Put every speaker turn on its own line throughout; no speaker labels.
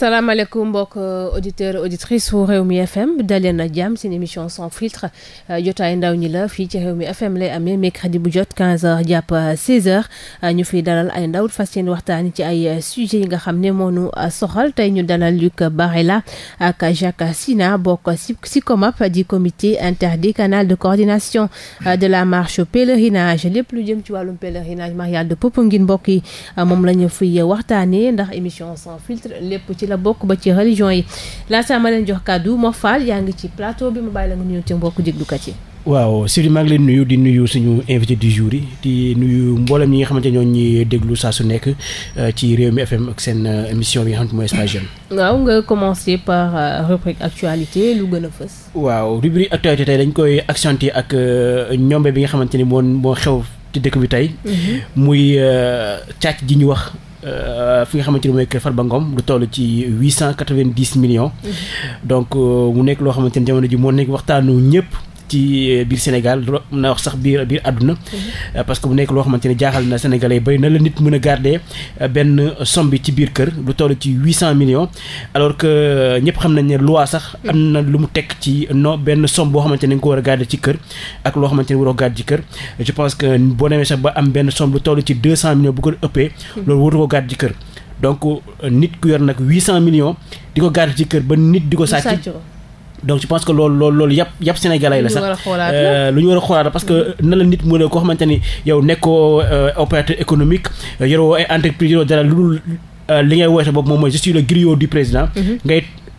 salaamaaleykum mbokk euh, auditeur auditrice wu réew mi fm daleen ak jàmm seen émission sans filtre euh, jotaay ndaw ñi la fii ci réew mi fm lay amee mercredi bu jot 15 jàpp 16 heures euh, ñu fiy dalal ay ndaw fas yéene waxtaan ci ay sujet yi nga xam ne moonu soxal tey ñu dalal Luc Barela ak Jacques Syna bokk si CICOMAP di comité interdécanal de coordination de la marche pèlerinage lépp lu jëm ci wàllum pèlerinage marial de Popenguine mbokk yi moom la ñu fiy waxtaanee ndax émission sans filtre la bokk ba ci religion yi laata ma leen jox kàddu Mor Fall yaa ngi ci plateau bi ma bàyyi la nga nuyu te mbokku déglukat yi.
waaw Sidi maa ngi leen nuyu di nuyu suñu invité du jour yi di nuyu mboolem ñi nga xamante ñoo ñuy déglu saa su nekk euh, ci réew mi FM ak seen euh, émission bi nga xamante mooy Espace
waaw nga commencé par euh, rubrique actualité lu gën a fës.
waaw rubrique actualité tey dañ koy accentuer ak ñombe bi nga xamante ni moo moo xew ci dëkk bi tey. Mm-hmm. Euh, fi nga xamante ni mooy kër ba Ngom lu toll ci huit cent millions. Mm-hmm. donc euh, mu nekk loo xamante ni jamono ji moo nekk waxtaanu ñëpp. ci biir Sénégal mën na wax sax biir biir àdduna mhm. parce que bu nekk loo xamante ne jaaxal na Sénégalais yi na la nit mën a gardee euh, benn somme bi ci biir kër lu toll ci huit cent millions alors que ñëpp xam nañ ne loi sax am na lu mu teg ci no benn somme boo xamante ni nga ko war a garder ci kër ak loo xamante ne waroo garder ci kër je pense que boo demee sax ba am benn somme lu toll ci deux cent millions bu ko ëppee mhm. loolu waru ko garder ci kër donc euh, nit ku yor nag huit cent millions di ko garder kër ba nit di ko sàcc donc je pense que loolu loolu loolu yàpp yàpp sénégalais la sax euh, lu ñu war a xoolaat parce que na la nit mën a koo xamante ni yow nekkoo euh, opérateur économique euh, yoroo ay entreprise yoroo dara lu dul li ngay woote boobu moom mooy je suis le griot du président mm-hmm. ngay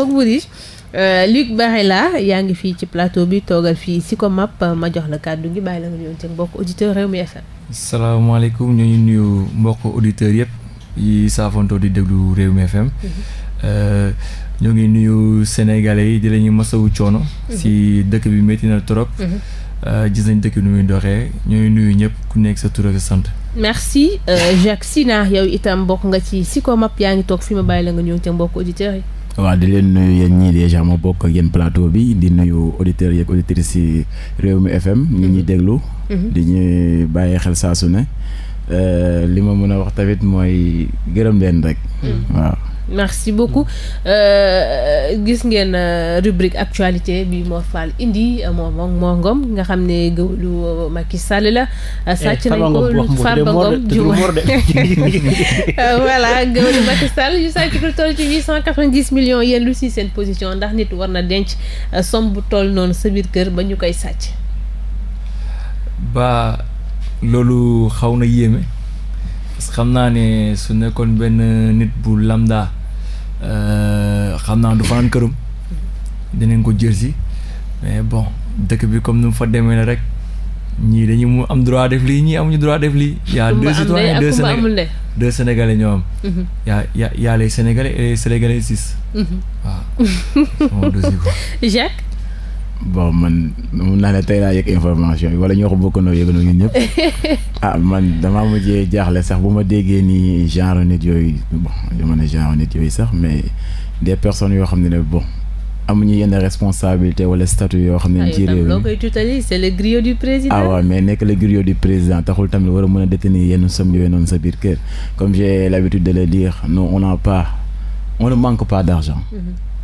foog mu di euh, Luc Barela yaa ngi fii ci plateau bi toogal fii si ko map ma jox la kàddu gi bàyyi la nga nuyoon seen mbokk auditeur réew mi FM.
salaamaaleykum ñu ngi nuyu mbokk auditeurs yëpp yi saafontoo di déglu réew mi FM. Mhm. Euh, ñoo ngi nuyu sénégalais yi di lañuy masawu coono. Mhm. si dëkk bi métti na trop. Mhm. Euh, gis nañ dëkk nu muy doxee ñooy nuyu ñëpp ku nekk sa tur ak sant.
merci Jacques Sina yow itam bokk nga ci si ko map yaa ngi toog fi ma bàyyi la nga ñëw ca mbokk auditeurs yi.
waaw di leen nuyu yéen ñii déjà ma bokk ak plateau bi di nuyu auditeurs yeeg auditrices yi mi FM. ñu ñuy mhm. déglu. Mhm. di ñuy bàyyi xel saa su ne. Euh, li ma mën a wax tamit mooy gërëm leen rek. Mhm. waaw.
merci beaucoup euh, gis ngeen euh, rubrique actualité bi Mor Fall indi moom moom moo nga xam ne gëwlu euh, Macky Sall la. Eh, sàcc nañ ko lu Farba Ngom jiw voilà gëwlu Macky yu sàcc lu toll ci huit cent lu si seen position ndax nit war na denc somme bu toll noonu sa biir kër ba ñu koy sàcc.
ba loolu xaw na yéeme parce xam naa ne su nekkoon benn nit bu lambda. Euh, xam naa du fanaan këram dinañ ko jël si mais bon dëkk bi comme ni mu fa demee la rek ñii dañu mu am droit def lii ñii amuñu droit def lii. y' a deux citoyens deux Sénégalais deux Sénégalais ñoo am. Mhm. y' a y' a y' a les Sénégalais et les Sénégalais
six.
Mhm. waaw. Jacques.
bon man mun naa ne tey laa yëg information yi wala ñoo ko bokkandoo yëgandoo ñun ñëpp ah man damaa mujjee jaaxle sax bu ma déggee nii genre nit yooyu bon dama ne genre nit yooyu sax mais des personnes yoo xam ne ne bon amuñu yenn responsabilité wala statut yoo xam ne ah, ci réew mi loo koy
tutali c'est le griot du président. ah
waaw mais nekk le griot du président taxul tamit war a mën a détenir yenn somme yooyu noonu sa biir kër comme j'ai l'habitude de le dire non on n'a pas on manque pas d'argent mm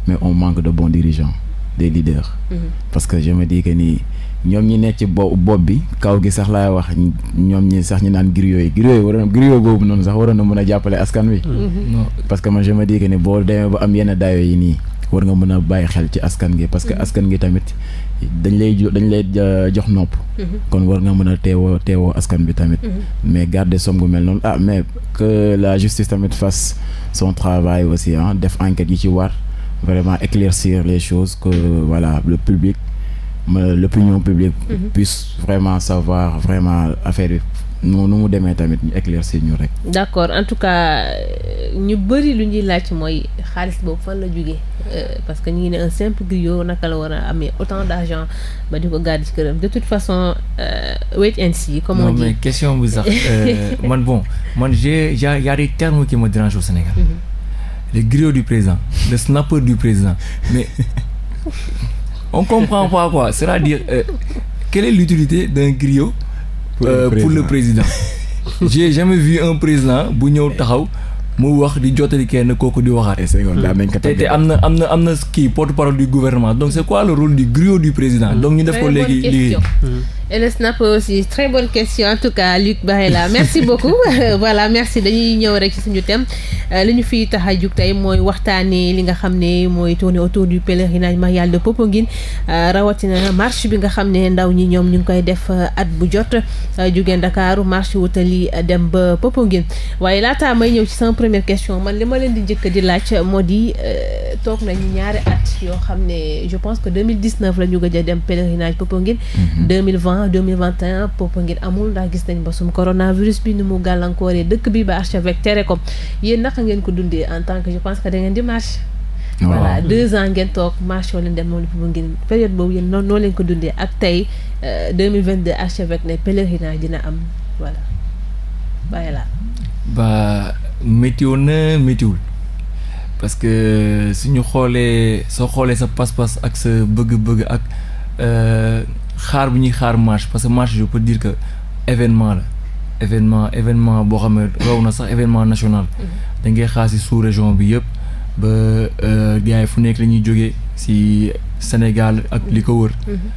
mais on manque de bons dirigeants des leaders. Mhm. parce que je me dis que nii ñoom ñi nekk ci bopp bi kaw gi sax laay wax ñoom ñi sax ñu naan griot yi griot yi waroon griot boobu noonu sax waroon na mën a jàppale askan wi. Mhm. Mhm. parce que man je me dis que ni boo demee ba am yenn dayo yi nii war nga mën a bàyyi xel ci askan gi parce que askan gi tamit dañ lay euh, jox nopp. kon war nga mën a teewoo teewoo askan bi tamit. mais garder somme gu mel noonu ah mais que la justice tamit fasse son travail aussi ah def enquête yi ci war. vraiment éclaircir les choses que voilà le public l'opinion publique mhm. puisse vraiment savoir vraiment affaire bi nu mu demee tamit ñu éclaircir ñu rek
d'accord en tout cas euh, ñu bëri lu ñuy laaj mooy xaalis boobu fan la jógee euh, parce que ñu ngi ne un simple griot naka la war a amee autant d'argent ba di ko garder ci këram de toute façon euh, wait and see comme on dit question bu sax man
bon man j'ai y a des ki qui me Sénégal mhm. le griot du président le snapper du président mais on comprend pas quoi c'est-à-dire euh, quelle est l'utilité d'un griot pour, euh, le président j'ai jamais vu un président bu ñëw eh. taxaw mu wax di jottali kenn kooku di waxaat eh, te te am na am na am na kii porte-parole du gouvernement donc c'est quoi le rôle di griot du président hmm. donc ñu def ko léegi liggéey
et le snap aussi très bonne question en tout cas Luc Barela merci beaucoup euh, voilà merci dañuy ñëw rek ci suñu thème euh, li ñu fiy tax a jug tey mooy waxtaanee li nga xam ne mooy tourner autour du pèlerinage marial de Popenguine euh, rawatina marche bi nga xam ne ndaw ñi ñoom ñu ngi koy def at bu jot jugee Ndakaaru marche wutali dem ba Popenguine waaye laataa may ñëw ci sama première question man li ma leen di jëkk di laaj moo di toog nañu ñaari at yoo xam ne je pense que 2019 la ñu gëj dem pèlerinage avant a Popenguine amul ndax gis nañ basum coronavirus bi ni mu gàllankooree dëkk bi ba archevêque tere ko yéen naka ngeen ko dundee en tant que je pense que da ngeen di marche voilà deux ans ngeen toog marche yoo leen dem moom la Popenguine période boobu yéen noonu noo leen ko dundee ak tey 2022 euh, archevêque ne pèlerinage dina am voilà bàyyi laa
ba météo na météwul parce su ñu xoolee soo xoolee sa pas-pas ak sa bëgg-bëgg ak euh, xaar bu ñuy xaar match parce que match je peux dire que événement la événement événement boo xam ne na sax événement national mhm. da ngay xaar si sous région bi yëpp ba euh, gars fu nekk la ñuy jógee si Sénégal ak li ko wër mhm.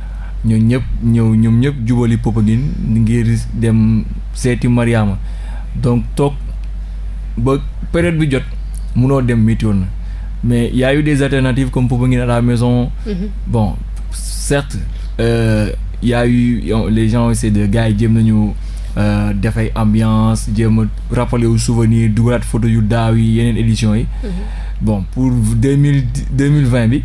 ñoom ñëpp ñëw ñoom ñëpp jubali Popenguine ngir dem seeti Mariama donc toog ba période bi jot munoo dem météoon na mais y a des alternatives comme Popenguine à la maison mhm. bon certes Euh, y a eu les gens essaient de gars yi jéem nañu euh, dafay ambiance jéem a rappeler wu souvenir dugalaat photo yu daaw yi yeneen édition yi. Mhm. bon pour deux mille deux mille vingt bi.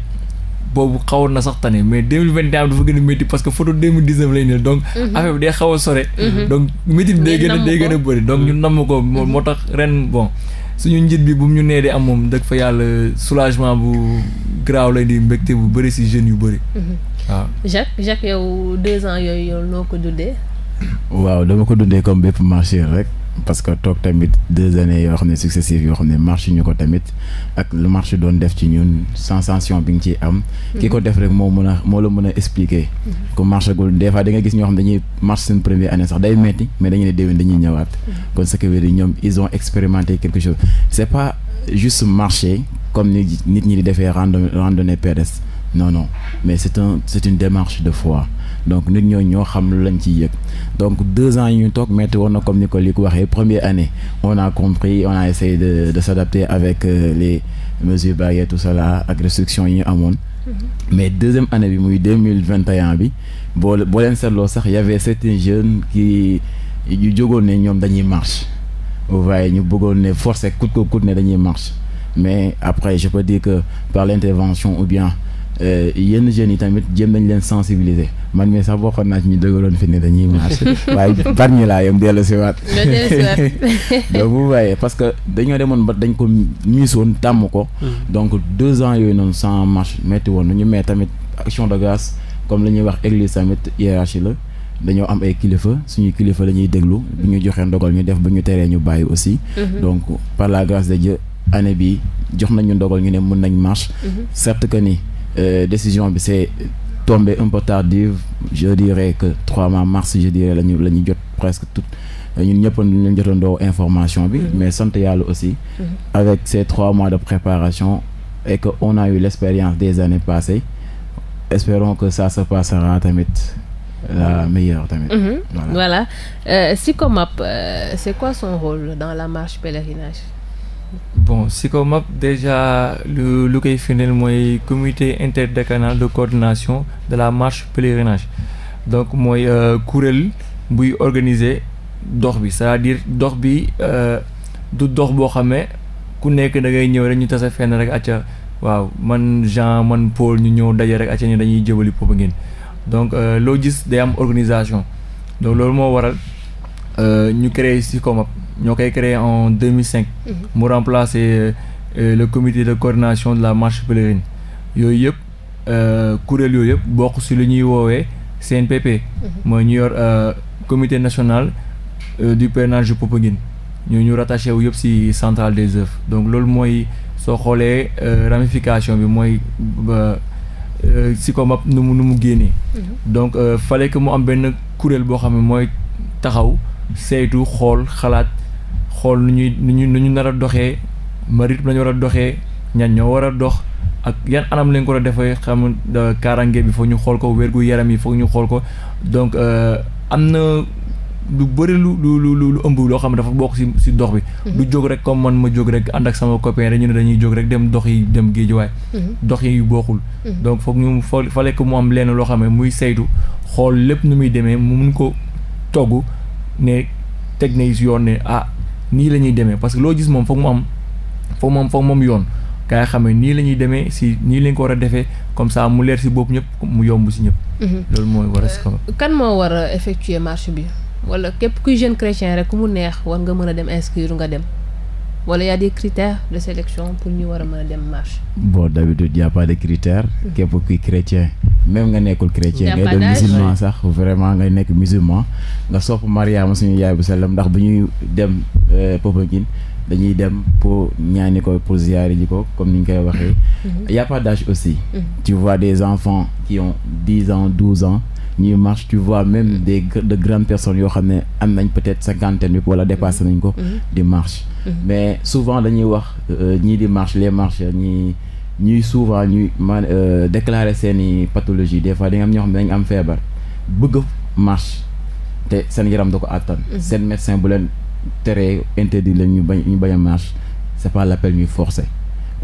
boobu xawoon na sax tane mais deux mille vingt et un dafa gën a métti parce que photo deux mille dix neuf lay ne donc. Mhm. affaire bi day xaw a sore. Mhm. donc métti bi day gën a day gën a bëri donc ñu namm ko moo tax ren bon. suñu njiit bi bu ñu nee de am moom dëgg fa yàlla soulagement bu graaw lay di mbégte bu bëri si jeunes yu bëri. Mhm. waaw
Jacques Jacques yow deux ans yooyu yow noo ko dundee.
waaw dama ko dundee comme bépp marché rek. parce que toog tamit deux années yoo xam ne successives yoo xam ne marché ñu ko tamit ak lu marché doon def ci ñun sensation bi nga ciy am. ki ko def rek moo mën a moo la mën a expliquer. ku marché gul des fois da nga gis ñoo xam dañuy marché seen première année sax day metti mais dañu ne déwén dañuy ñëwaat. kon ñoom ils ont expérimenté quelque chose c'est pas marché comme ni nit ñi di defee randonnée randonnée pédestre non non mais c'est un c'est une démarche de fois donc nit ñooñu ñoo xam lu lañ ciy yëg donc deux ans yi ñu toog metti woon na comme ni ko lii ko waxee première année on a compris on a essayé de de s'adapter avec euh, les mesures barrières tout la ak restrictions yi amoon mm-hmm. mais deuxième année bi muy deux mille vingt bi boo boo leen sax y avait certains jeunes qui ñu jógoon ne ñoom dañuy marche vous voyez ñu bëggoon ne force coûte que coûte ne dañuy marche mais après je peux dire que par l'intervention ou bien Euh, yenn jeunes yi tamit jëm nañ leen sensibiliser man mii sax bokkoon naa ci ñu dëgëroon fi nii dañuy marché waaye barñi laa yem dellu si waat donc waaye parce que dañoo demoon ba dañ ko miis woon tàmm ko mm. donc deux ans yooyu noonu sans marche metti woon nañu mais tamit action de grâce comme la ñuy wax église tamit hiérarchie la dañoo am ay kilifa suñu kilifa la ñuy déglu bu ñu joxee ndogal ñu def bu ñu teree ñu bàyyi aussi mm-hmm. donc par la grâce de Dieu année bi jox nañu ndogal ñu ne mën nañ marche mm-hmm. certes que ni Euh, décision bi c'est tombé un peu tardive je dirais que 3 mars je dirais la ñu la ñu jot presque tout ñun ñëpp ñu jotandoo information bi mm-hmm. mais sant yàlla aussi mm-hmm. avec ces trois mois de préparation et que on a eu l'expérience des années passées espérons que ça se passera tamit la meilleure tamit. Mm-hmm. voilà
voilà euh, Psychomap euh, c'est quoi son rôle dans la marche pèlerinage.
bon SICOMAP déjà lu lu koy firndeel mooy comité interdécanal de coordination de la marche pèlerinage donc mooy euh, kuréel buy organiser dox bi saa à dox bi euh, du dox boo xam ne ku nekk da ngay ñëw rek ñu tase fenn rek acca waaw man Jean man Paul ñu ñëw daje rek acca ñu dañuy jëbali Popenguine donc euh, loo gis day am organisation donc loolu moo waral ñu créer SICOMAP ñoo koy créé en 2005. Mhm. mu remplacer euh, le comité de coordination de la marche pèlerine yooyu yëpp euh, kuréel yooyu yëpp bokk si lu ñuy woowee CNPP. Mhm. mooy ñu yor euh, comité national du pèlerinage de Popenguine ñoo ñu rattaché wu yëpp si centrale des œuvres donc loolu mooy soo xoolee ramification bi mooy si ko map nu mu nu mu génnee. Mhm. donc fallait mu am benn kuréel boo xam ne mooy taxaw saytu xool xalaat. xool nu ñuy nu ñu nu ñu nar doxee marit lañu war a doxee ñan ñoo war a dox ak yan anam lañ ko war a defee xam euh, kaaraange bi foog ñu xool ko wérgu yaram yi foog ñu xool ko donc euh, am na lu bëri lu lu lu lu ëmb loo xam ne dafa bokk si ci dox bi. lu mhm. jóg rek comme man ma jóg rek ànd ak sama copain rek ñu ne dañuy jóg rek dem dox yi dem géejuwaay. Mhm. dox yi yu mhm. donc foog ñu fa fale ko mu am lenn loo xam ne muy saytu xool lépp nu muy demee mu mun ko togg ne teg na yi ci yoon ne ah, nii la ñuy demee parce que loo gis moom foog mu am foog moom foog moom yoon kaa yi nii la ñuy demee si nii lañ ko war a defee comme ça mu leer si bopp ñëpp mu yomb si ñëpp. Mhm. loolu mooy war
a si kaw.
Euh, kan moo war a effectuer marche bi wala képp kuy jeune chrétien rek ku mu neex war nga mën a dem inscrire nga dem. wala y a des de sélection pour ñu war a mën a dem marche.
bon d'habitude y a de critères. Mm. képp kuy chrétien même nga nekkul chrétien. ngay doon musulman sax vraiment ngay nekk musulman. nga sopp Mariama suñu yaay bu sellam ndax bu ñuy dem euh, Popenguine dañuy dem pour ñaani ko pour ziyaari ji ko comme ni ñu koy waxee. Mm-hmm. y a pas aussi. Mm-hmm. tu vois des enfants qui on dix ans douze ans. ñuy marche tu vois même mm-hmm. des de grandes personnes yoo xam ne am nañ peut-être cinquantaine bi wala dépassé nañ ko mm-hmm. di marche mm-hmm. mais souvent dañuy wax euh, ñii di marche les marcheurs ñi ñuy souvent ñuy man euh, déclarer seeni pathologie des fois dañ am ñoo xam ne dañ am feebar bëgg marche te seen yaram da ko àttan seen médecin bu leen teree interdit la ñu bañ ñu bañ a marche c'est pas l'appel ñuy forcer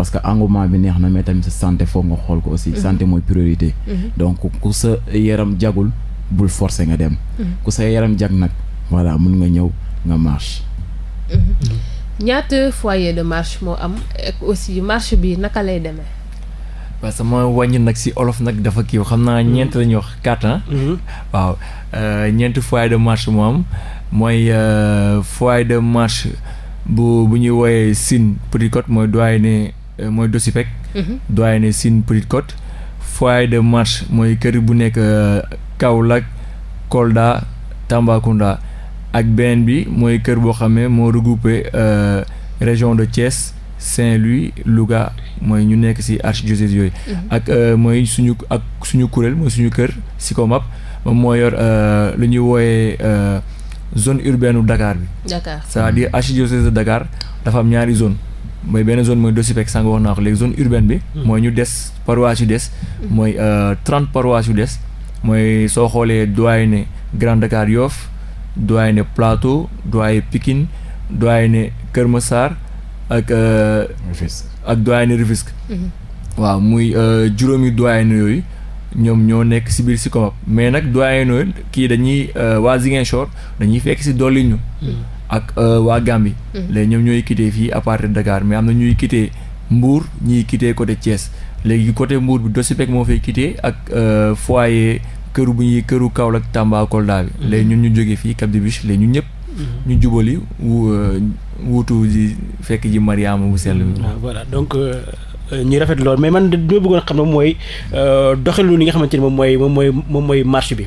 parce que engouement bi neex na mais tamit santé foog nga xool ko aussi. Mhm. santé mooy priorité. Mhm. donc ku sa yaram jagul bul forcer nga dem. Mhm. ku sa yaram jag nag voilà mun nga ñëw nga marche.
ñaata foyer de marche moo am ak aussi marche bi naka lay demee.
waaw sama wàññi nag si olof nag dafa kiiw xam naa ñeent la ñuy wax quatre ans waaw euh, ñeenti foyer de mooy euh, foyer de marche bu bu ñuy wooyee Sine Petite mooy doyen ne Euh, mooy Dosipec. Mhm. doyen Sine Petite Côte. fois de marche mooy kër bu nekk euh, Kaolack Kolda Tambacounda ak beneen bi mooy kër boo xam ne moo regroupé euh, région de Thiès Saint-Louis Louga mooy ñu nekk ci archidiocèse yooyu. Mhm. ak mooy suñu ak suñu kuréel mooy suñu kër Sicomap moom moo yor lu ñuy wooyee zone urbaine u Dakar bi. Dakar c'est-à-dire archidiocèse de Dakar dafa am ñaari zone mooy benn zone mooy Dosipek sànq wax naa ko léegi zone urbaine bi. Hmm. mooy ñu des paroisse yu des. Hmm. mooy euh, trente paroisse yu des. mooy soo xoolee grande Grand Dakar Yoff doyen Plateau doyen Pikine doyen Kër Massar ak. Euh, Rufisque ak doyen Rufisque. Hmm. waaw muy euh, juróomi doyen yooyu ñoom ñoo nekk si biir si komap mais nag doyen yooyu kii dañuy waa Ziguinchor dañuy fekk si dolli ak euh, waa gàmbi mm-hmm. léegi ñoom ñooy quitté fii à partir de Dakar mais am na ñuy quitté Mbour ñuy quitté côté Thiès léegi côté Mbour bi Dossipec moo fay quitté ak euh, foyer kër bu ñuy këru Kaolack Tamba Kolda bi. Mm-hmm. léegi ñun ñu jógee fii Cap de Biche léegi ñun ñëpp. Mm-hmm. ñu jubali wu euh, wuutu ji fekk ji Mariama bu sell bi.
Ah, voilà donc. ñuy rafet lool mais man li ma bëggoon xam ne mooy doxalu li nga xamante ni moom mooy moom mooy moom mooy marché bi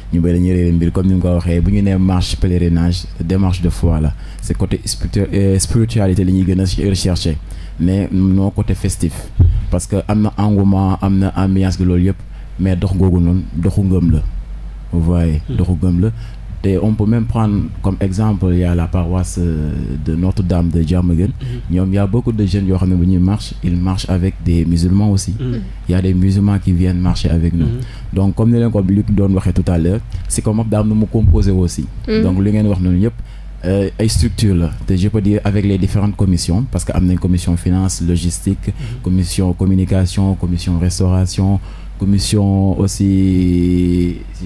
ñu bëri dañuy réeré mbir comme ni mu ko waxee bu ñu nee marche pèlerinage démarche de fois la c'est côté euh, spiritualité li ñuy gën a recherché mais noo côté festive parce que am na engouement am na ambiance gi loolu yëpp mais dox googu noonu doxu ngëm la vous doxu ngëm la Et on peut même prendre comme exemple, il y a la paroisse euh, de Notre-Dame de Djamagan. Mm -hmm. beaucoup de jeunes qui marchent, ils marchent avec des musulmans aussi. Mm -hmm. Il y a des musulmans qui viennent marcher avec nous. Mm -hmm. Donc, comme Luc Don tout à l'heure, c'est comme nous composer aussi. Mhm. Donc, euh, ay structure la te je peux dire avec les différentes commissions parce que am nañ commission finance logistique mhm. commission communication commission restauration commission aussi.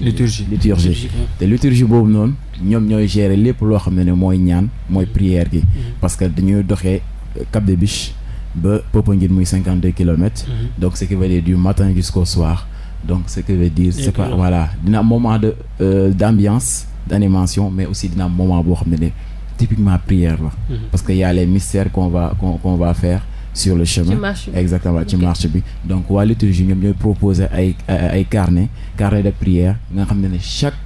liturgie liturgie te liturgie boobu noonu ñoom ñooy gérer lépp loo xam ne ne mooy ñaan mooy prière gi. Mhm. parce que dañuy doxee Cap des Biches ba Popenguine muy cinquante deux kilomètres. Mhm. donc ce qui veut di du matin jusqu'au soir. donc ce qui veut dire c'est pas voilà dina am moment de euh, d'ambiance d'animation mais aussi dina am moment boo xam ne ne typiquement prière la. Mhm. parce que y a les va qu'on va faire. sur le chemin exactement ci marche bi donc waa liturgie ñoom ñooy proposer ay carnet carnet de prière nga xam ne ne chaque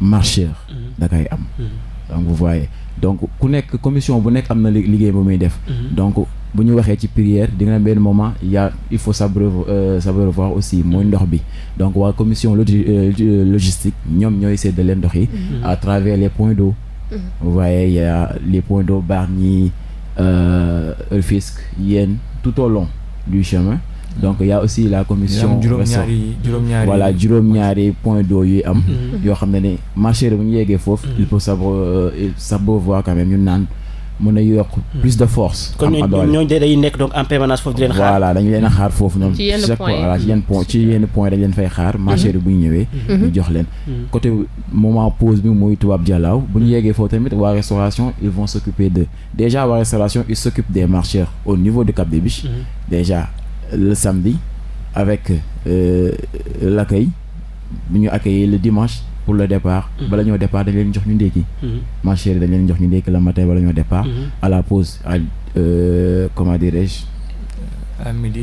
marcheur mhm. da koy am mhm. donc vous voyez donc ku nekk commission bu nekk am na liggéey bu muy def mhm. donc bu ñu waxee ci prière di nga benn moment y'a il faut s'abreuver euh, s'abreuvoir aussi mooy ndox bi donc waa commission euh, logistique ñoom ñooy séddale ndox yi à travers les points d'eau vous voyez y'a les points d'eau Bargny Euh, Rufisque yéen tout au long du chemin donc ya a aussi la commission juróom-ñaari voilà juróom-ñaari point d'eau yu am mm-hmm. yoo xam ne ne marché bu ñu yeggee foofu il faut savoir savoir euh, voir quand même naan mën a yokk plus de force. am doole kon ñooñu day
nekk donc en permanence foofu di leen xaar. voilà
dañu leen a xaar foofu ñoom. ci yenn point voilà ci yenn point ci yenn point dañu leen fay xaar. Mhm. marché bi bu ñëwee. Mhm. ñu jox leen. Mhm. côté moment pause bi muy tubaab jalaaw bu ñu yeggee foofu tamit waa restauration ils vont s'occuper de déjà waa restauration ils s'occupent des marcheurs au niveau de Cap des Biches. déjà le samedi avec euh, l'accueil bu ñu accueillir le dimanche. pour le départ. Mhm. bala ñoo départ dañ leen jox ñu ndékki. Mhm. marché chérie dañ leen jox ñu ndékki la matin bala ñoo départ. Mhm. à la pause à euh, comment dirais-je. à midi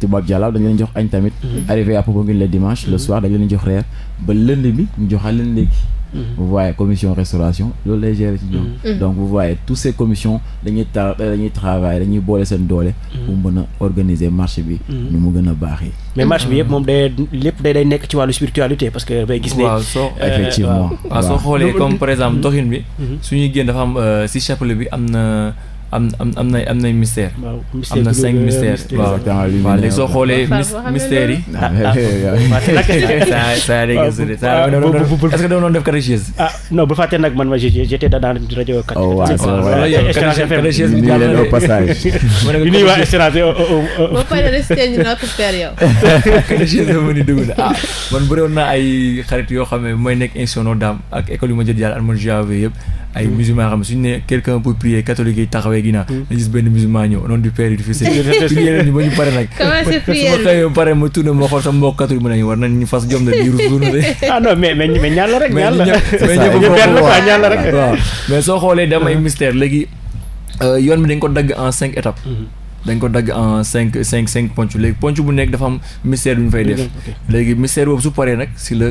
tubaab jàllaw dañ leen jox añ tamit. arrivé à Popenguine le dimanche le soir dañ leen jox reer ba lënd bi ñu joxal leen ndékki. Mhm. vous voyez commission restauration loolu lay gérer ci ñoom mhm. donc vous voyez tous ces commissions dañuy ta dañuy travail boole seen doole mhm. pour mën a organiser marché bi ñu mu gën a baaxee mais marché bi yëpp
moom day lépp day day nekk ci wàllu spiritualité parce que bay gis ne waaw soo euh, xoolee comme par exemple
doxin bi suñuy génn dafa am euh, si chapelet bi am na am am am na am nay mystère.
am na cinq mystères. waaw waaw léegi soo xoolee. mystères yi. ah ah saa ah, yi est-ce
que doon def catéchèse. ah non bu fàtte nag man ma j'étais dans rajo. oh waaw passage. Oh, oh, oh.
ah man bëri woon naa ay xarit yoo xam ne mooy nekk institut Notre Dame ak école yu ma jël yàlla ak man yëpp. ay musulman xam suñ ne quelqu'un pour prier catholique yi taxawee ginnaaw dañu hmm. gis benn musulman ñëw noonu du père yi du fils prier ñu ñu pare nag ñu fas jom de di rus de ah non mais mais soo xoolee dama ay mystère léegi euh, yoon bi dañ ko dagg en cinq étapes hmm. dañ ko dagg en cinq cinq cinq ponc léegi ponc bu nekk dafa am mystère ñu léegi mystère boobu su paree nag si la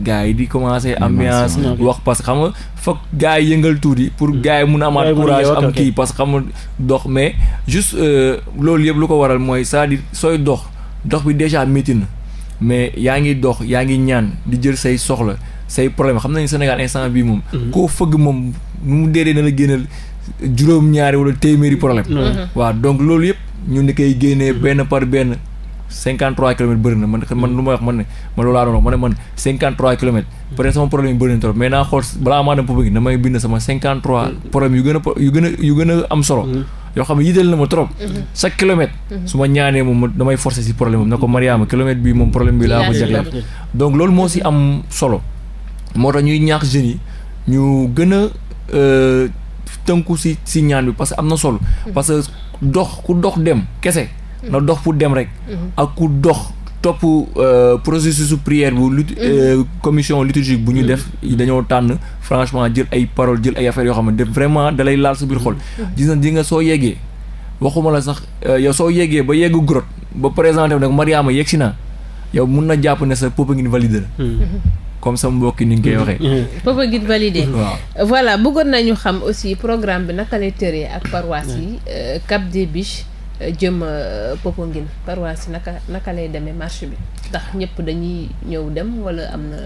gars yi di commencé ambiance wax parce que xam nga foog gars yi yëngal tuuti pour mm. gars yi mun a amaat courage am kii parce que xam dox mais juste euh, loolu yëpp lu ko waral mooy cest à sooy dox dox bi déjà métti mais yaa ngi dox yaa ngi ñaan di jël say soxla say problème xam nañu Sénégal instant bii moom mm-hmm. koo fëgg moom nu mu deedee na la génnal juróom-ñaari wala téeméeri problème mm-hmm. waaw donc loolu yëpp ñu ni koy génnee mm-hmm. benn par benn 53 kilomètres bëri na man hmm. man lu ma wax man ne man loolu laa doon wax ma ne man 53 kilomètres. Hmm. peut être sama problème yi bëri na trop mais naa xool balaa maa dem Popenguine damay bind sama hmm. a yu gën a yu gën a am solo. yoo xam ne yitteel na ma trop. chaque kilomètre. su ma ñaanee moom damay forcer si problème am na ko Mariama kilomètre bii moom problème bi laa ko jagleel. donc loolu moo si am solo. moo tax ñuy ñaax jeunes yi ñu gën a euh, tënku si si ñaan bi parce que am na solo. parce que dox ku dox dem kese. na dox pour dem rek. Mhm. ak ku dox topp euh, processus su prière bu lut mhm. euh, commission liturgique bu ñu mhm. def dañoo tànn franchement jël ay paroles jël ay affaire yoo xam ne vraiment dalay laal sa biir xol. gis na di nga soo yeggee waxuma la sax euh, yow soo yeggee ba yeggu grotte ba présenté nag Mariama yegg si naa yow mun na jàpp ne sa popa ngeen validé la. comme sa mbokk ni nga koy waxee.
popa ngeen validé. waaw voilà bëggoon nañu xam aussi programme bi naka lay tëree ak paroisse jëm euh, Popenguine paroisse yi naka naka lay demee marche bi ndax ñëpp dañuy ñëw dem wala am na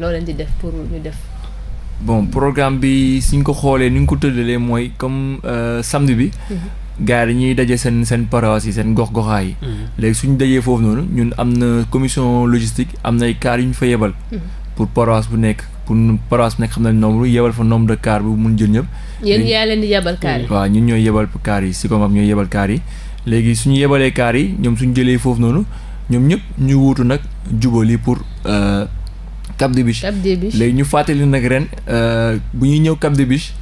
loo leen di def pour ñu def
bon programme bi suñ ko xoolee ni ñu ko tëddalee mooy comme euh, samedi bi mhm. gars yi ñuy daje seen seen paroisse yi seen gox-goxaa yi mhm. léegi suñ dajee foofu noonu ñun am na commission logistique am na ay car yu ñu fa yebal mhm. pour paroisse bu nekk pour paroisse bu nekk xam nañ nombre yebal fa nombre de car bu mun jël ñëpp yéen yaa leen di yebal car yi waaw ñun ñooy yebal yi si ko ñooy yebal car yi léegi suñu yebalee kaar yi ñoom suñu jëlee foofu noonu ñoom ñëpp ñu wuutu nag jubal yi pour euh, Cap des Biches. Cap des léegi ñu fàttali nag ren euh, bu ñuy ñëw Cap des Biches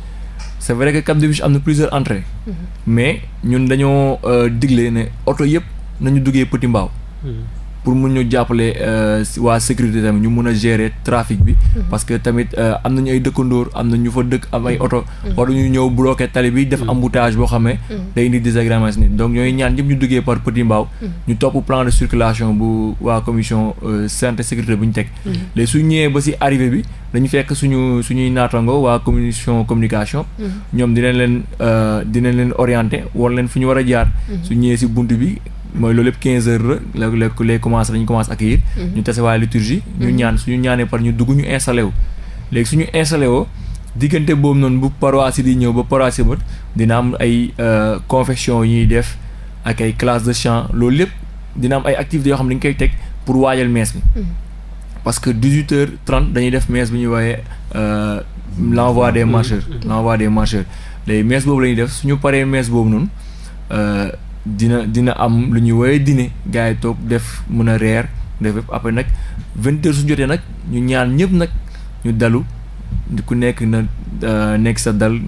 c' est vrai que Cap des Biches am na plusieurs entrées. Mhm. mais ñun dañoo euh, digle ne oto yëpp nañu duggee Petit Mbao. Mhm. pour mun ñu jàppale euh, waa sécurité tamit ñu mun a gérer trafic bi. Mhm. parce que tamit euh, am nañu ay dëkkandoor am na ñu fa dëkk am ay oto. Mhm. waruñu ñëw bloqué tali bi def mhm. embouteillage boo xamee. day indi désagrément nit donc ñooy ñaan ñëpp ñu duggee par Petit Mbao. ñu topp plan de circulation bu waa commission euh, santé sécurité bu ñu teg. léegi su ñëwee ba si arrivé bi dañu fekk suñu suñuy naatango waa commission communication. ñoom dinañ leen dinañ leen orienté war leen fu ñu war a jaar. su ñëwee si bunt bi. mooy loolu yëpp 15 heures la la lay commencé dañu commencé accueillir. Mhm. ñu tase waa liturgie. ñu mhm. ñaan suñu ñaanee par ñu dugg ñu installé wu. léegi suñu installé woo diggante boobu noonu bu paroisse di ñëw ba paroisse ba dina am ay euh, confession yi ñuy def ak ay classe de chant loolu lépp dina am ay activité yoo xam ne dañu koy teg pour waajal messe bi. Mhm. parce que 18 heures 30 dañuy def messe bi ñuy woowee euh, l'envoi des marcheurs. l'envoi des marcheurs léegi messe boobu la ñuy def suñu paree messe boobu noonu. Euh, dina dina am lu ñuy woowee dîner gars yi toog def mën a reer def yëpp après nag vingt heures su jotee nag ñu ñaan ñëpp nag ñu dalu ku nekk na euh, nekk sa dal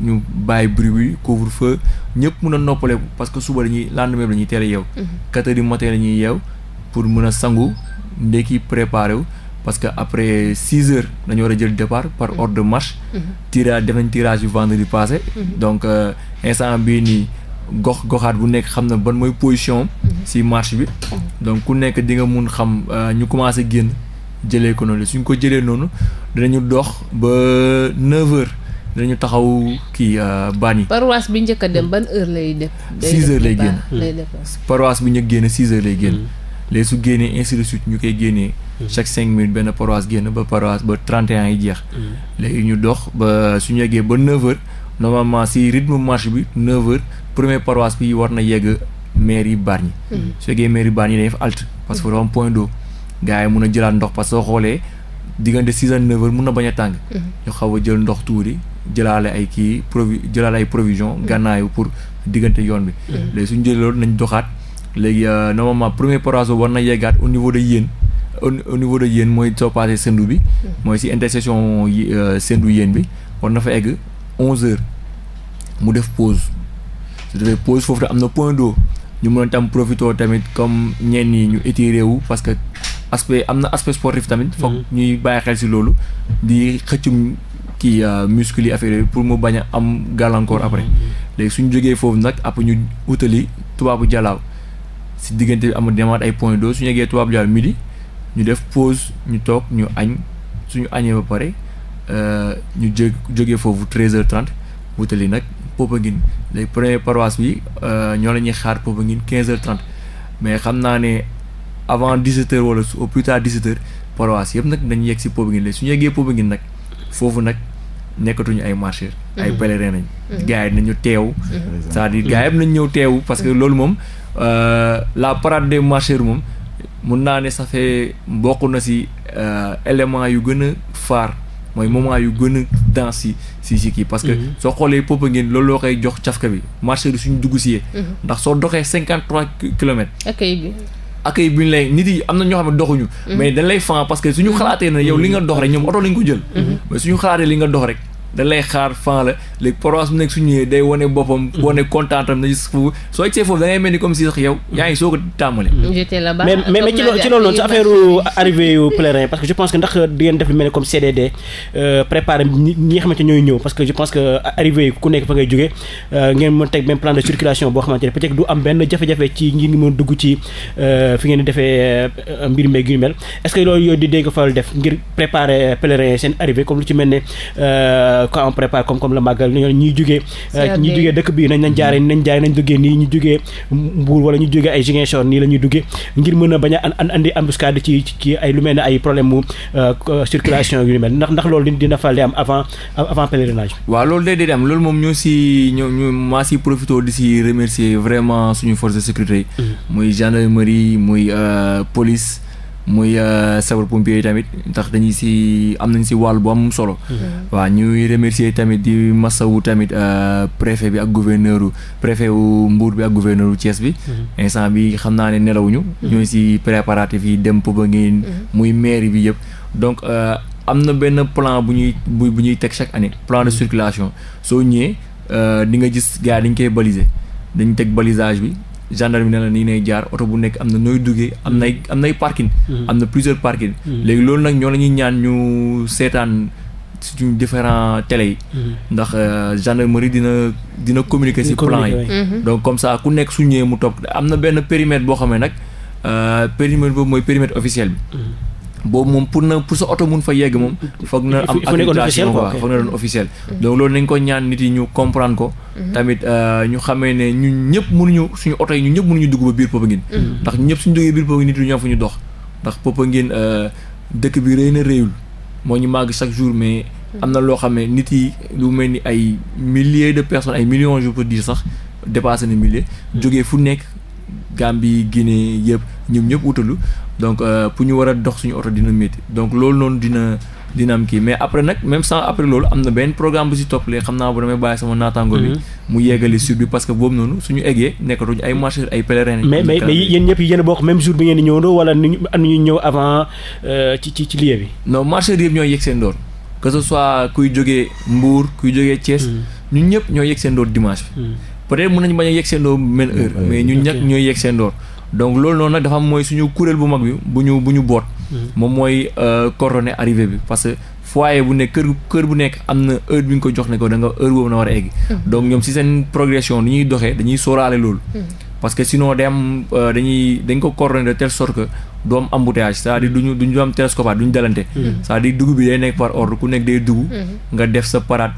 ñu bàyyi bruit bi couvre feu ñëpp mun a noppaleeku parce que suba dañuy lendemain bi dañuy teel a yeew. Mm-hmm. quatre heures la ñuy yeew pour mun a sangu ndekki préparé wu. parce que après six heures dañu war a jël départ par mm-hmm. ordre de marche. Mm-hmm. tirage def nañ tirage yu vendredi passé. donc euh, instant bi nii. gox goxaat bu nekk xam na ban mooy position si mhm. marché bi mhm. donc ku nekk di nga mun xam euh, ñu commencé génn jëlee ko noonu suñ ko jëlee noonu dinañu dox ba 9 heures dinañu taxaw kii euh, baan yi.
paroisse bi njëkk dem ban heure lay def. 6 mm. heures lay génn
paroisse bi njëkk génn 6 heures génn. léegi su génnee ainsi de ñu koy génnee. Mm. chaque cinq minutes benn paroisse génn ba paroisse ba 31 yi jeex. Mm. léegi ñu dox ba suñu yeggee ba 9 heures. normalement si rythme marche bi 9h première paroisse bi war na yegg mairie Bargny. Mhm. su yeggee mairie Bargny dañuy def alt parce que mhm. dafa am point d'eau gars yi mun a jëlaat ndox parce que soo xoolee diggante 6 ak 9 mun na bañ a tàng. Mhm. ñu xaw a jël ndox tuuri jëlaale ay kii provi jëlaale ay provision gànnaayu pour diggante yoon bi. léegi suñ jëlee loolu nañ doxaat léegi euh, normalement première paroisse boobu war na yeggaat au niveau de Yène. au niveau de Yène mooy soo paasee Sendou bi. mooy si intersection euh, Sendou Yène bi war na fa onze heures mu def pause su defee pause foofu am na point do ñu mën a tam profito tamit comme ñenn yi ñu étiré wu parce que aspect am na aspect sportif tamit. foog mm-hmm. ñuy bàyyi xel si loolu. di xëccum kii euh, muscle yi affaire pour mu bañ a am gàllankoor après. Mm-hmm. léegi suñu jógee foofu nag après ñu utali tubaabu jalaaw si diggante bi am demaat ay point d'eau su ñu yeggee tubaabu jalaaw midi ñu def pause ñu toog ñu añ suñu añee ba pare. Euh, ñu jé jógee foofu treize heures trente wutali nag Popenguine léegi première paroisse bi euh, ñoo la ñuy xaar Popenguine quinze heures trente mais xam naa ne avant dix sept heures wala au plus tard dix sept heures paroisse yëpp nag dañu yegg si Popenguine léegi su ñu yeggee Popenguine nag foofu nag nekkatuñu ay marcheurs. Mm-hmm. ay pèlerins nañ. Mm-hmm. gars mm-hmm. nañu teew. cest di dire gars nañ ñëw teew parce que loolu moom euh, la parade des marcheurs moom mun naa ne ça fait na si élément yu gën a faar. mooy moment yu gën a dans si si si kii parce que mhm. soo xoolee Popenguine loolu loo koy jox cafka bi marché bi suñu dugg siyee mhm. ndax soo doxee cinquante trois kilomètres
accueil
bi ñu lay nit yi am na ñoo xam ne doxuñu mhm. mais dañ lay fan parce que suñu xalaatee na yow li nga dox rek ñoom oto lañ ko jël suñu xalaatee li nga dox rek da lay xaar fan la léegi province bi nekk su ñëwee day wane boppam. Mm-hmm. wane kontaanam na gis foofu
soo gisee foofu da mel ni comme si sax yow. yaa ngi soo ko tàmbalee.
mais mais ci loolu ci loolu noonu ci affaire
arrivé yu pèlerin parce que je pense que ndax di ngeen def lu mel ni comme CDD euh, préparer ñi nga xamante ñooy ñëw parce que je pense que arrivé yi ku nekk fa ngay jógee euh, ngeen mën teg même plan de circulation boo xamante ne peut-être du am benn jafe-jafe dugg ci euh, fi ngeen di defee mbir meeg yu mel est-ce que loolu yooyu di dégg def ngir préparer pèlerin seen arrivé comme lu ci mel ne. Euh, quand on prépare comme comme le màggal ñuy jugee euh, ñuy jugee dëkk bii nañ mm-hmm. nañ jaaree nañ jaaree nañ duggee nii ñu jugee Mbour wala ñu jugee ay Ziguinchor nii la ñuy duggee ngir mën a bañ a an andi embuscade ci ci ay lu mel ne ay problème mu euh, circulation yu mel ndax ndax loolu dina fa di am avant avant pèlerinage
waaw loolu day di am loolu moom ñoo si ñoo ñu maa si profité di si remercier vraiment suñu force de sécurité mm-hmm. muy gendarmerie muy police muy euh, sapeur pompier yi tamit ndax dañuy si am nañ si wàll bu am solo. Mm-hmm. waaw ñuy remercier tamit di wu tamit euh, préfet bi ak gouverneur préfet wu Mbour bi ak gouverneur wu Thiès bi. Mm-hmm. instant bi xam naa ne nelawuñu. Mm-hmm. ñoo si préparatifs yi dem ba ngeen. muy mairie bi yëpp donc. Euh, am na benn plan bu ñuy bu bu ñuy teg chaque année plan de circulation soo ñëwee di nga gis gars yi dañ koy baliser dañ teg balisage bi gendarme ne la nii nay jaar oto bu nekk am na nooy duggee am nay am nay parking mhm. am na plusieurs parking mhm. léegi loolu nag ñoo la ñuy ñaan ñu seetaan suñu différents télé yi mhm. ndax euh, gendarmerie dina dina communiquer ci plan yi donc comme ça ku nekk su ñëwee mu topp am na benn périmètre boo xam ne nag euh, périmètre boobu mooy périmètre officiel bi boobu moom pour na pour sa oto mun fa yegg moom foog na am accréditation quoi foog na doon officiel mm-hmm. donc loolu nañ ko ñaan nit yi ñu comprendre ko mm-hmm. tamit euh, ñu xamee ne ñun ñëpp mënuñu suñu oto yi ñun ñëpp ñu dugg ba biir Popenguine mm-hmm. ndax ñun ñëpp suñu duggee biir Popenguine nit yi ñoo fa ñu dox ndax Popenguine euh, dëkk bi rëy na réyul moo ñu màgg chaque jour mais am na loo xam ne nit yi lu mel ni ay millier de personnes ay millions je peux dire sax dépassé na milliers jógee fu nekk Gambie Guinée yëpp ñoom ñëpp wutalu donc euh, pour ñu war a dox suñu oto dina métti donc loolu noonu dina dina am kii mais après nag même sans après loolu am na benn programme bu si topp toppalee xam naa bu damay bàyyi sama naataango bi mm-hmm. mu yeggali sud parce que boobu noonu suñu eggee nekkatuñu ay marcheurs ay pèlerins
mais mais yéen ñëpp yéen a bokk même jour bi ngeen di ñëwandoo wala ni am euh, ci ci ci lieu bi non marcheurs yëpp ñoo yegg seen door que ce kuy jógee
Mbour kuy jógee Thiès mm. ñun ñëpp ñoo yegg seen door dimanche bi mm. peut-être mën nañu bañ a yegg seen door même heure mm. mais ñun ñëpp ñooy yegg seen door donc loolu noonu nag dafa am mooy suñu kuréel bu mag bi bu ñu bu ñu boot. Hmm. moom mooy euh, coordonné arrivé bi parce que foyer bu nekk kër kër bu nekk am na heure bi ñu ko jox ne ko da nga heure boobu na war a egg. Hmm. donc ñoom si seen progression ni ñuy doxee dañuy sóoraale loolu. Hmm. parce que sinon day am euh, dañuy dañ ko coordonné de telle sorte que du am embouteillage cest à duñu duñu am télescopage duñu dalante. c'est-à-dire dugub bi day nekk par ordre ku nekk day dugg. nga def sa paraat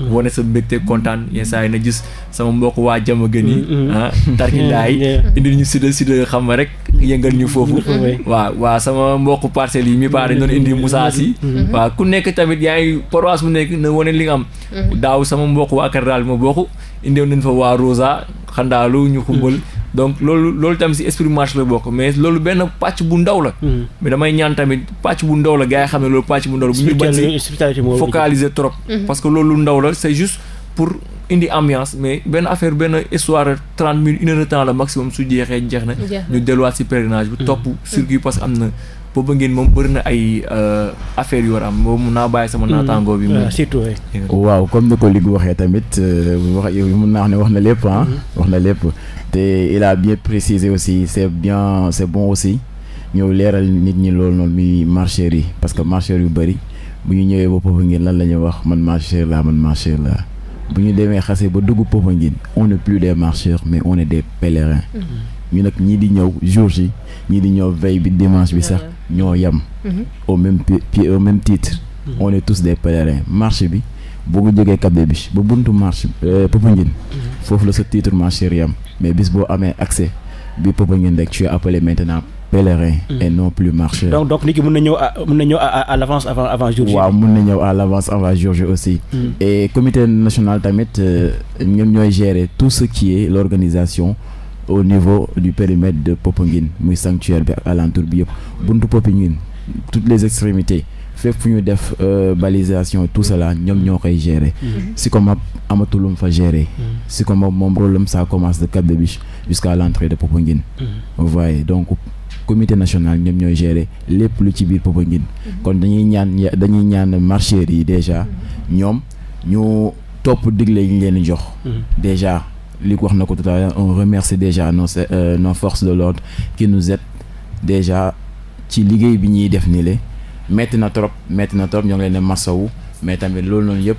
Mm-hmm. wane sa mbégte kontaan yenn saa yi na gis sama mbokk waa jama gën yi mm-hmm. ah tarkindaay indi ñu sida sida xam nga rek yëngal ñu foofu waa mm-hmm. waa sama mbokk parcelle yi mi paa dañ doon indi Moussa si waaw ku nekk tamit yaa ngi paroisse bu nekk na wane li nga am daaw sama mboqu waa Kër daal ma bokk indiwoon nañ fa waa Rosa xandaalu ñu xumbal donc loolu loolu tamit si esprit marché la bokk mais loolu benn pàcc bu ndaw la. Hmm. mais damay ñaan tamit pàcc bu ndaw la gaa yi xam ne loolu pàcc bu ndaw la. bu ñu bañ si trop. Hmm. parce que loolu lu ndaw la c'est juste pour indi ambiance mais benn affaire benn histoire trente minutes une heure de temps la maximum su jeexee jeex na. ñu delluwaat si pèlerinage bi. Hmm. topp circuit parce que am na. booba ngeen moom bëri na ay euh, affaire yu war am moom mun naa bàyyi sama mm-hmm. naataangoo bi. Ah, surtout
waaw comme ni ko Ligue waxee tamit euh, wax mun naa wax ne wax na lépp ah. Mm-hmm. wax na lépp te il a bien précisé aussi c' est bien c' est bon aussi ñëw leeral nit ñi loolu noonu muy marcheurs yi parce que marcheurs yu bëri bu ñu ñëwee ba Popenguine lan la ñuy wax man marcheur la man marcheur la bu ñu demee xase ba dugg Popenguine on n'est plus des marcheurs mais on est des pèlerins. Mm-hmm. ñu nag ñii di ñëw jour ji ñii di ñëw veille bi dimanche bi sax ñoo yem. Mhm. au même pied au même titre. Mhm. on est tous des pèlerins marché bi boo ko jógee Cap des Biches ba buntu marche euh, Popenguine mhm. foofu la sa titre marcheur yam mais bis boo amee accès bi Popenguine rek tu es appelé maintenant pèlerin. et non plus marcheur.
donc donc nit ki mun na ñëw à mun na ñëw à l'avance avant avant jour J. waaw
mun na ñëw à l'avance avant jour J aussi. e comité national tamit euh, ñoom ñooy gérer tout ce qui est l'organisation. au niveau du périmètre de Popenguine muy sanctuaire bi ak alentour bi yëpp buntu Popenguine toutes les extrémités fépp fu ñu def euh, balisation tout cela ñoom ñoo koy gérer mm-hmm. Sicomab amatulum fa gérer mm-hmm. Sicomab moom rôlam ça commence de Cap de Biche jusqu'à l'entrée de Popenguine mm-hmm. vous voyez donc comité national ñoom ñooy gérer lépp lu ci biir Popenguine kon dañuy ñaan dañuy yi déjà ñoom ñu topp digle ñu leen jox déjà Luc wax na ko tout à l'heure on remercie déjà nos euh, nos forces de l'ordre qui nous aident déjà ci liggéey bi ñuy def nile metti na trop metti na trop ñoo ngi leen ne masawu mais tamit loolu noonu yëpp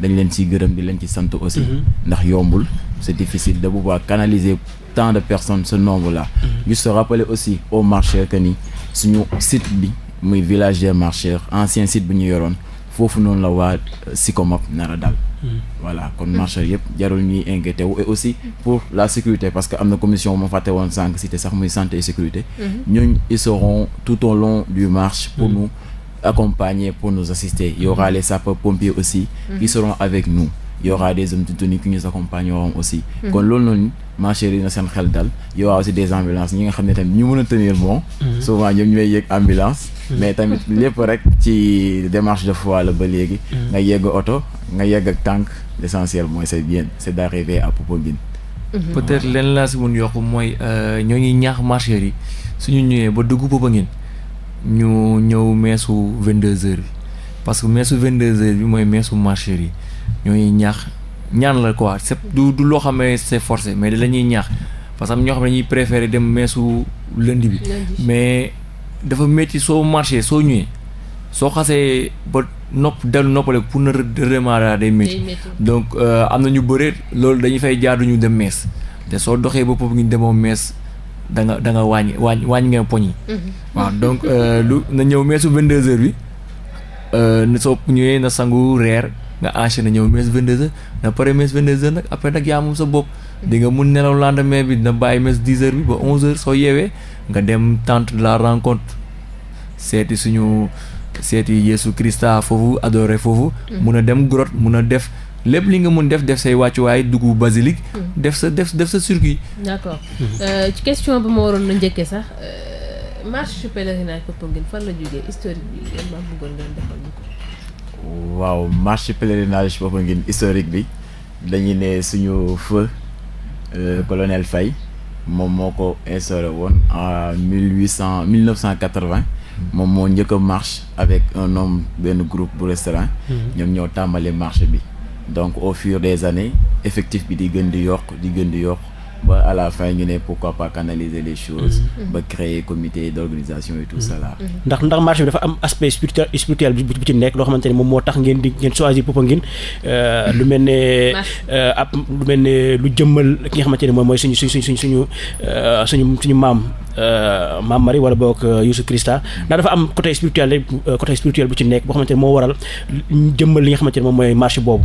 dañ leen ciy gërëm di leen ci sant aussi mhm. ndax yombul c'est difficile de pouvoir canaliser tant de personnes ce nombre là mhm. juste se rappeler aussi aux marcheurs que ni suñu site bi muy village des marcheurs ancien site bi ñu yoroon foofu noonu la waa Sicomap nar a dal. Hmm. voilà kon marcheurs yëpp jarul ñuy inquiété wu et aussi pour la sécurité parce que am na commission bu ma fàtte woon sànq cité sax muy santé et sécurité. Hmm. ñooñ ils seront tout au long du marche. pour hmm. nous accompagner pour nous assister y aura les pompiers aussi. qui seront avec nous. y aura des hommes de tenue qui nous accompagneront aussi. kon loolu noonu marché na seen xel dal y aura aussi des ambulances ñi nga xam ne tamit ñu mën a tenir bon. Mhm. souvent ñoom ñooy yëg ambulance. Mhm. mais tamit lépp rek ci démarche de foi la ba léegi. Mhm. nga yegg oto nga yegg ak tànk l' essentiel mooy c' est bien c' est d' arriver à Popenguine.
peut-être leen laa si mun yokk mooy euh, ñoo ñuy ñaax marcheurs yi suñu ñëwee ba dugg Popenguine ñu ñëw meesu 22h bi parce que meesu 22h bi mooy meesu marcheurs yi. ñoo ñooy ñaax ñaan la quoi c'est du du loo xam ne c'est forcé mais da la ñuy ñaax parce que am ñoo xam ne dañuy préférer dem meesu lënd bi mais dafa métti soo marché soo ñëwee soo xasee ba nopp dellu noppale pour na redémarrer day métti donc euh, am na ñu bëre loolu dañuy fay jaar duñu dem mees te soo doxee ba pop ngi demoo mees da nga da nga wàññi wàññi wàññi nga poñ yi mm-hmm. waaw donc euh, lu na ñëw meesu vingt bi euh, soo ñëwee na sangu reer nga enchaîné ñëw mes 22 na pare mes 22 nag après nag yaa moom sa bopp. di nga mun nelaw mai bi na bàyyi mes 10 bi ba 11h soo yeewee nga dem tent la rencontre seeti suñu seeti Yeesu Krista foofu adoré foofu. Mm. mun a dem grotte mun a def. lépp li nga mun def def say waaye dugub basilique. Mm. def sa def def sa circuit.
d'accord mm. euh, ci question bi ma waroon na njëkkee sax euh, marche pèlerinage Popenguine fan la jógee historique bi yéen maa bëggoon
waaw marche pèlerinage boobu ngeen historique bi dañuy ne suñu feu euh, colonel fay moom moo ko instauré woon en mille huit cent mille neuf cent quatre-vingt moom moo njëkk a marche avec un homme benn groupe bu restaurant mhm. ñoom ñoo tàmbali marche bi donc au fur des années effectif bi di gën di yokk di gën di yokk ba à ñu ne pourquoi pas canaliser mm-hmm. comité d'organisation et tout ça mm-hmm. Mm-hmm.
ndax ndax marché dafa am aspect spirituel spirituel bi ci nekk loo xamante ne moom moo tax ngeen di ngeen euh, lu mel ne. Euh, ab lu mel ne lu jëmmal ki nga moom mooy suñu suñu suñu suñu suñu euh, suñu maam. maam Marie wala boog Youssou Christa ndax dafa am côté spirituel côté spirituel bu ci nekk boo xamante ne moo waral jëmmal li nga xamante ne moom mooy marché boobu.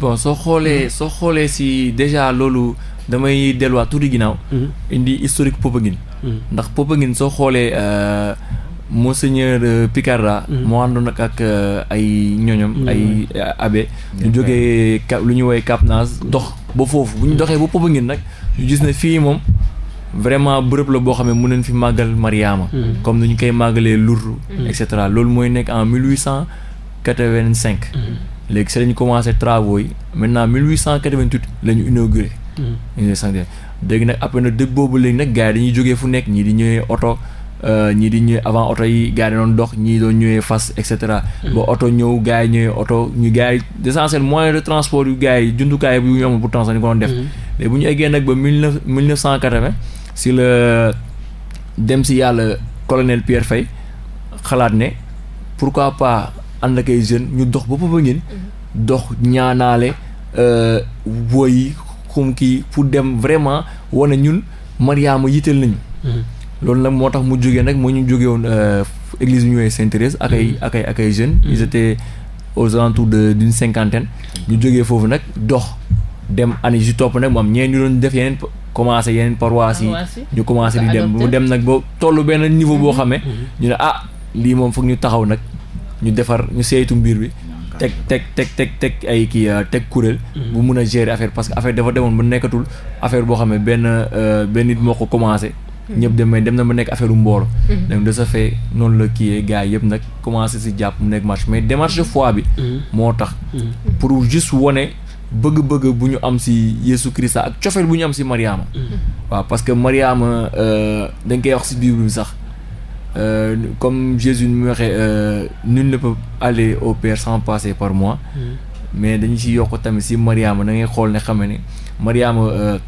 bon soo xoolee soo xoolee si
déjà loolu. damay delluwaat tuuti ginnaaw. Mhm. indi historique ngin mhm. ndax Popenguine soo xoolee euh, monseigneur euh, Picarda. Mhm. moo àndoon ak ak euh, ay ñoñom ay abbé. ñu jógee Cap lu ñu woowee Cap Nass dox ba foofu bu ñu doxee ba Popenguine nag ñu gis ne fii moom. vraiment bërëb la boo xam ne mën nañ fi màggal Mariama comme nu ñu koy màggalee Lourdes et cetera loolu mooy nekk en mille huit cent quatre-vingt-cinq léegi si lañu commencé yi maintenant mille huit cent quatre la ñu inauguré Mm-hmm. université sanitaire léegi nag après nag dëkk boobu léegi nag gars yi dañuy jógee fu nekk ñii di ñëwee oto euh, ñii di ñëwee avant oto yi gars yi dox ñii doon ñëwee fas et cetera mm-hmm. ba oto ñëw gars ñëwee oto ñu gars yi l'essentiel moyen de transport yu gars yi jumtukaay yu ñu amoon pour transport ñu ko doon mm-hmm. bu ñu eggee nag ba mille neuf mille neuf cent quatre si la dem si yàlla colonel Pierre Faye xalaat ne pour pourquoi pas ànd ak ay jeunes ñu dox ba ba ngeen dox ñaanaale euh, woy yi xum kii pour dem vraiment wane ñun Mariama yitteel nañu. Mhm. loolu nag moo tax mu jógee nag moo ñu jógee woon euh, église bi ñëwee Sainte-Thérèse ak ay mhm. ak ay ak ay jeunes. Mhm. ils étaient aux alentours de d'une cinquantaine. ñu jógee foofu nag dox dem année si topp nag mu am ñeen ñu doon def yeneen commencé yeneen paroisse yi ñu commencé di dem mu dem nag ba tollu benn niveau boo xamee. ñu ne ah lii moom foog ñu taxaw nag ñu defar ñu saytu mbir bi. teg teg teg teg teg ay kii euh, teg kuréel. Mm-hmm. bu mun a gérer affaire parce que affaire dafa demoon ba nekkatul affaire boo xam ne benn euh, benn nit moo ko commencé. Mm-hmm. ñëpp dem dem na ba nekk affaire mbooloo. Mm-hmm. donc de ce fait noonu la kii gars yëpp nag commencé si jàpp mu nekk marche mais démarche foi bi. moo tax. pour juste wone bëgg-bëgg bu ñu am si Yesu Christa ak cofeel bu ñu am si Mariama. waaw parce que Mariama euh, dañ koy wax si Bible bi sax. Euh, comme Jésus nu mu waxee euh, nul ne peut aller au Père sans passer par moi. Mm. mais dañu ci yokk tamit ci Mariama da ngay xool ne xam ne Mariama euh,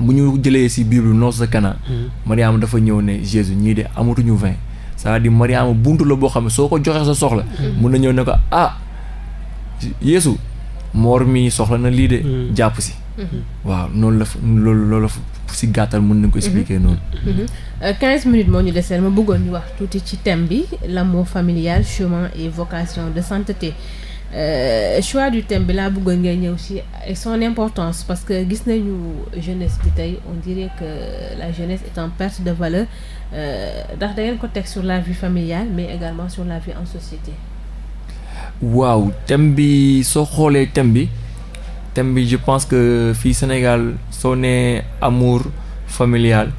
bu ñu jëlee ci Bible noos sa kana. Mm. Mariama dafa ñëw ne Jésus ñii de amatuñu vin cest di dire Mariama buntu la boo xam ne soo ko joxee sa soxla. Mm. mun na ñëw ne ko ah Yeesu moor mi soxla na lii de. jàpp si Mm-hmm. waaw noonu la fa loolu loolu si gàttal mun nañ ko expliquer noonu.
15 mm-hmm. mm-hmm. euh, minutes moo ñu deseel ma bëggoon ñu wax tuuti ci thème bi la moo familial chemin et vocation de sainteté euh, choix du thème bi laa bëggoon ngay ñëw si et son importance parce que gis nañu jeunesse bi tey on dirait que la jeunesse est en perte de valeur euh, ndax da ngeen ko teg sur la vie familiale mais également sur la vie en société.
waaw thème bi soo xoolee thème bi. thème bi je pense que fii Sénégal soo nee amour familial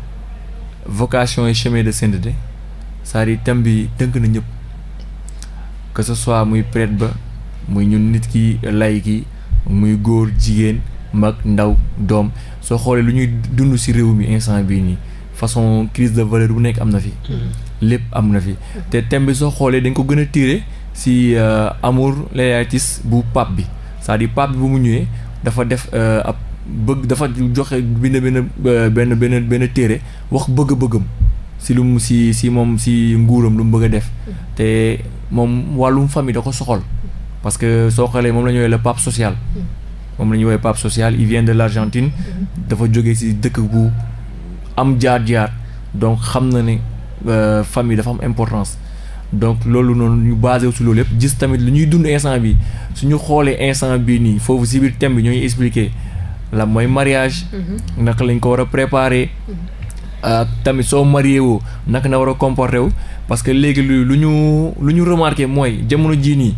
vocation et chemin de sainteté de à dire bi tënk na ñëpp que ce soit muy prêtre ba muy ñun nit ki lay ki muy góor jigéen mag ndaw doom soo xoolee lu ñuy dund ci réew mi instant bii nii façon crise de valeur bu nekk am na fi. Mm-hmm. lépp am na fi. te thème bi soo xoolee dañ ko gën a si ci euh, amour léatis bu pape bi. c'est-à-dire bi bu mu ñëwee dafa def euh, ab bëgg dafa joxe bind benn euh, benn benn benn téere wax bëgg-bëggam si lu mu si si moom si nguuram lu mu bëgg a def te moom wàllum famille da ko soxal parce que soo xoolee moom la ñu woowee le pape social moom la ñu woowee pape social il vient de l'Argentine dafa jóge si dëkk bu am jaar-jaar donc xam na ne euh, famille dafa am importance donc loolu noonu ñu basé wu si loolu yëpp gis tamit lu ñuy dund instant bi suñu xoolee instant bii nii foofu si biir thème bi ñooy expliqué la mooy mariage. Mhm. naka lañ ko war a préparer. Mhm. ak tamit soo marié woo naka na war a comporter wu parce que léegi lu lu ñu lu ñu remarqué mooy jamono jii nii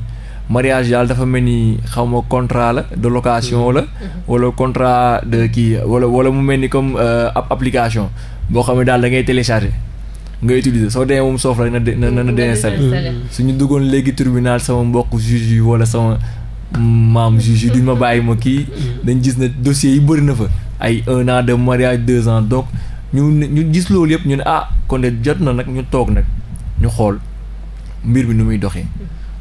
mariage daal dafa mel ni xaw ma contrat la de location la. Mhm. wala contrat de kii wala wala mu mel ni comme euh, ab application boo xam ne daal da ngay télécharger. nga utiliser soo demee moom soof rek na de na na mm. mm. su ñu duggoon léegi tribunal sama mbokk juge yi wala sama maam juge yi duñ ma bàyyi ma kii mm. dañ gis ne dossiers yi bëri na fa ay un an de mariage deux ans donc ñu ñu gis loolu yëpp ñu ne ah kon de jot na nag ñu toog nag ñu xool mbir bi nu muy doxee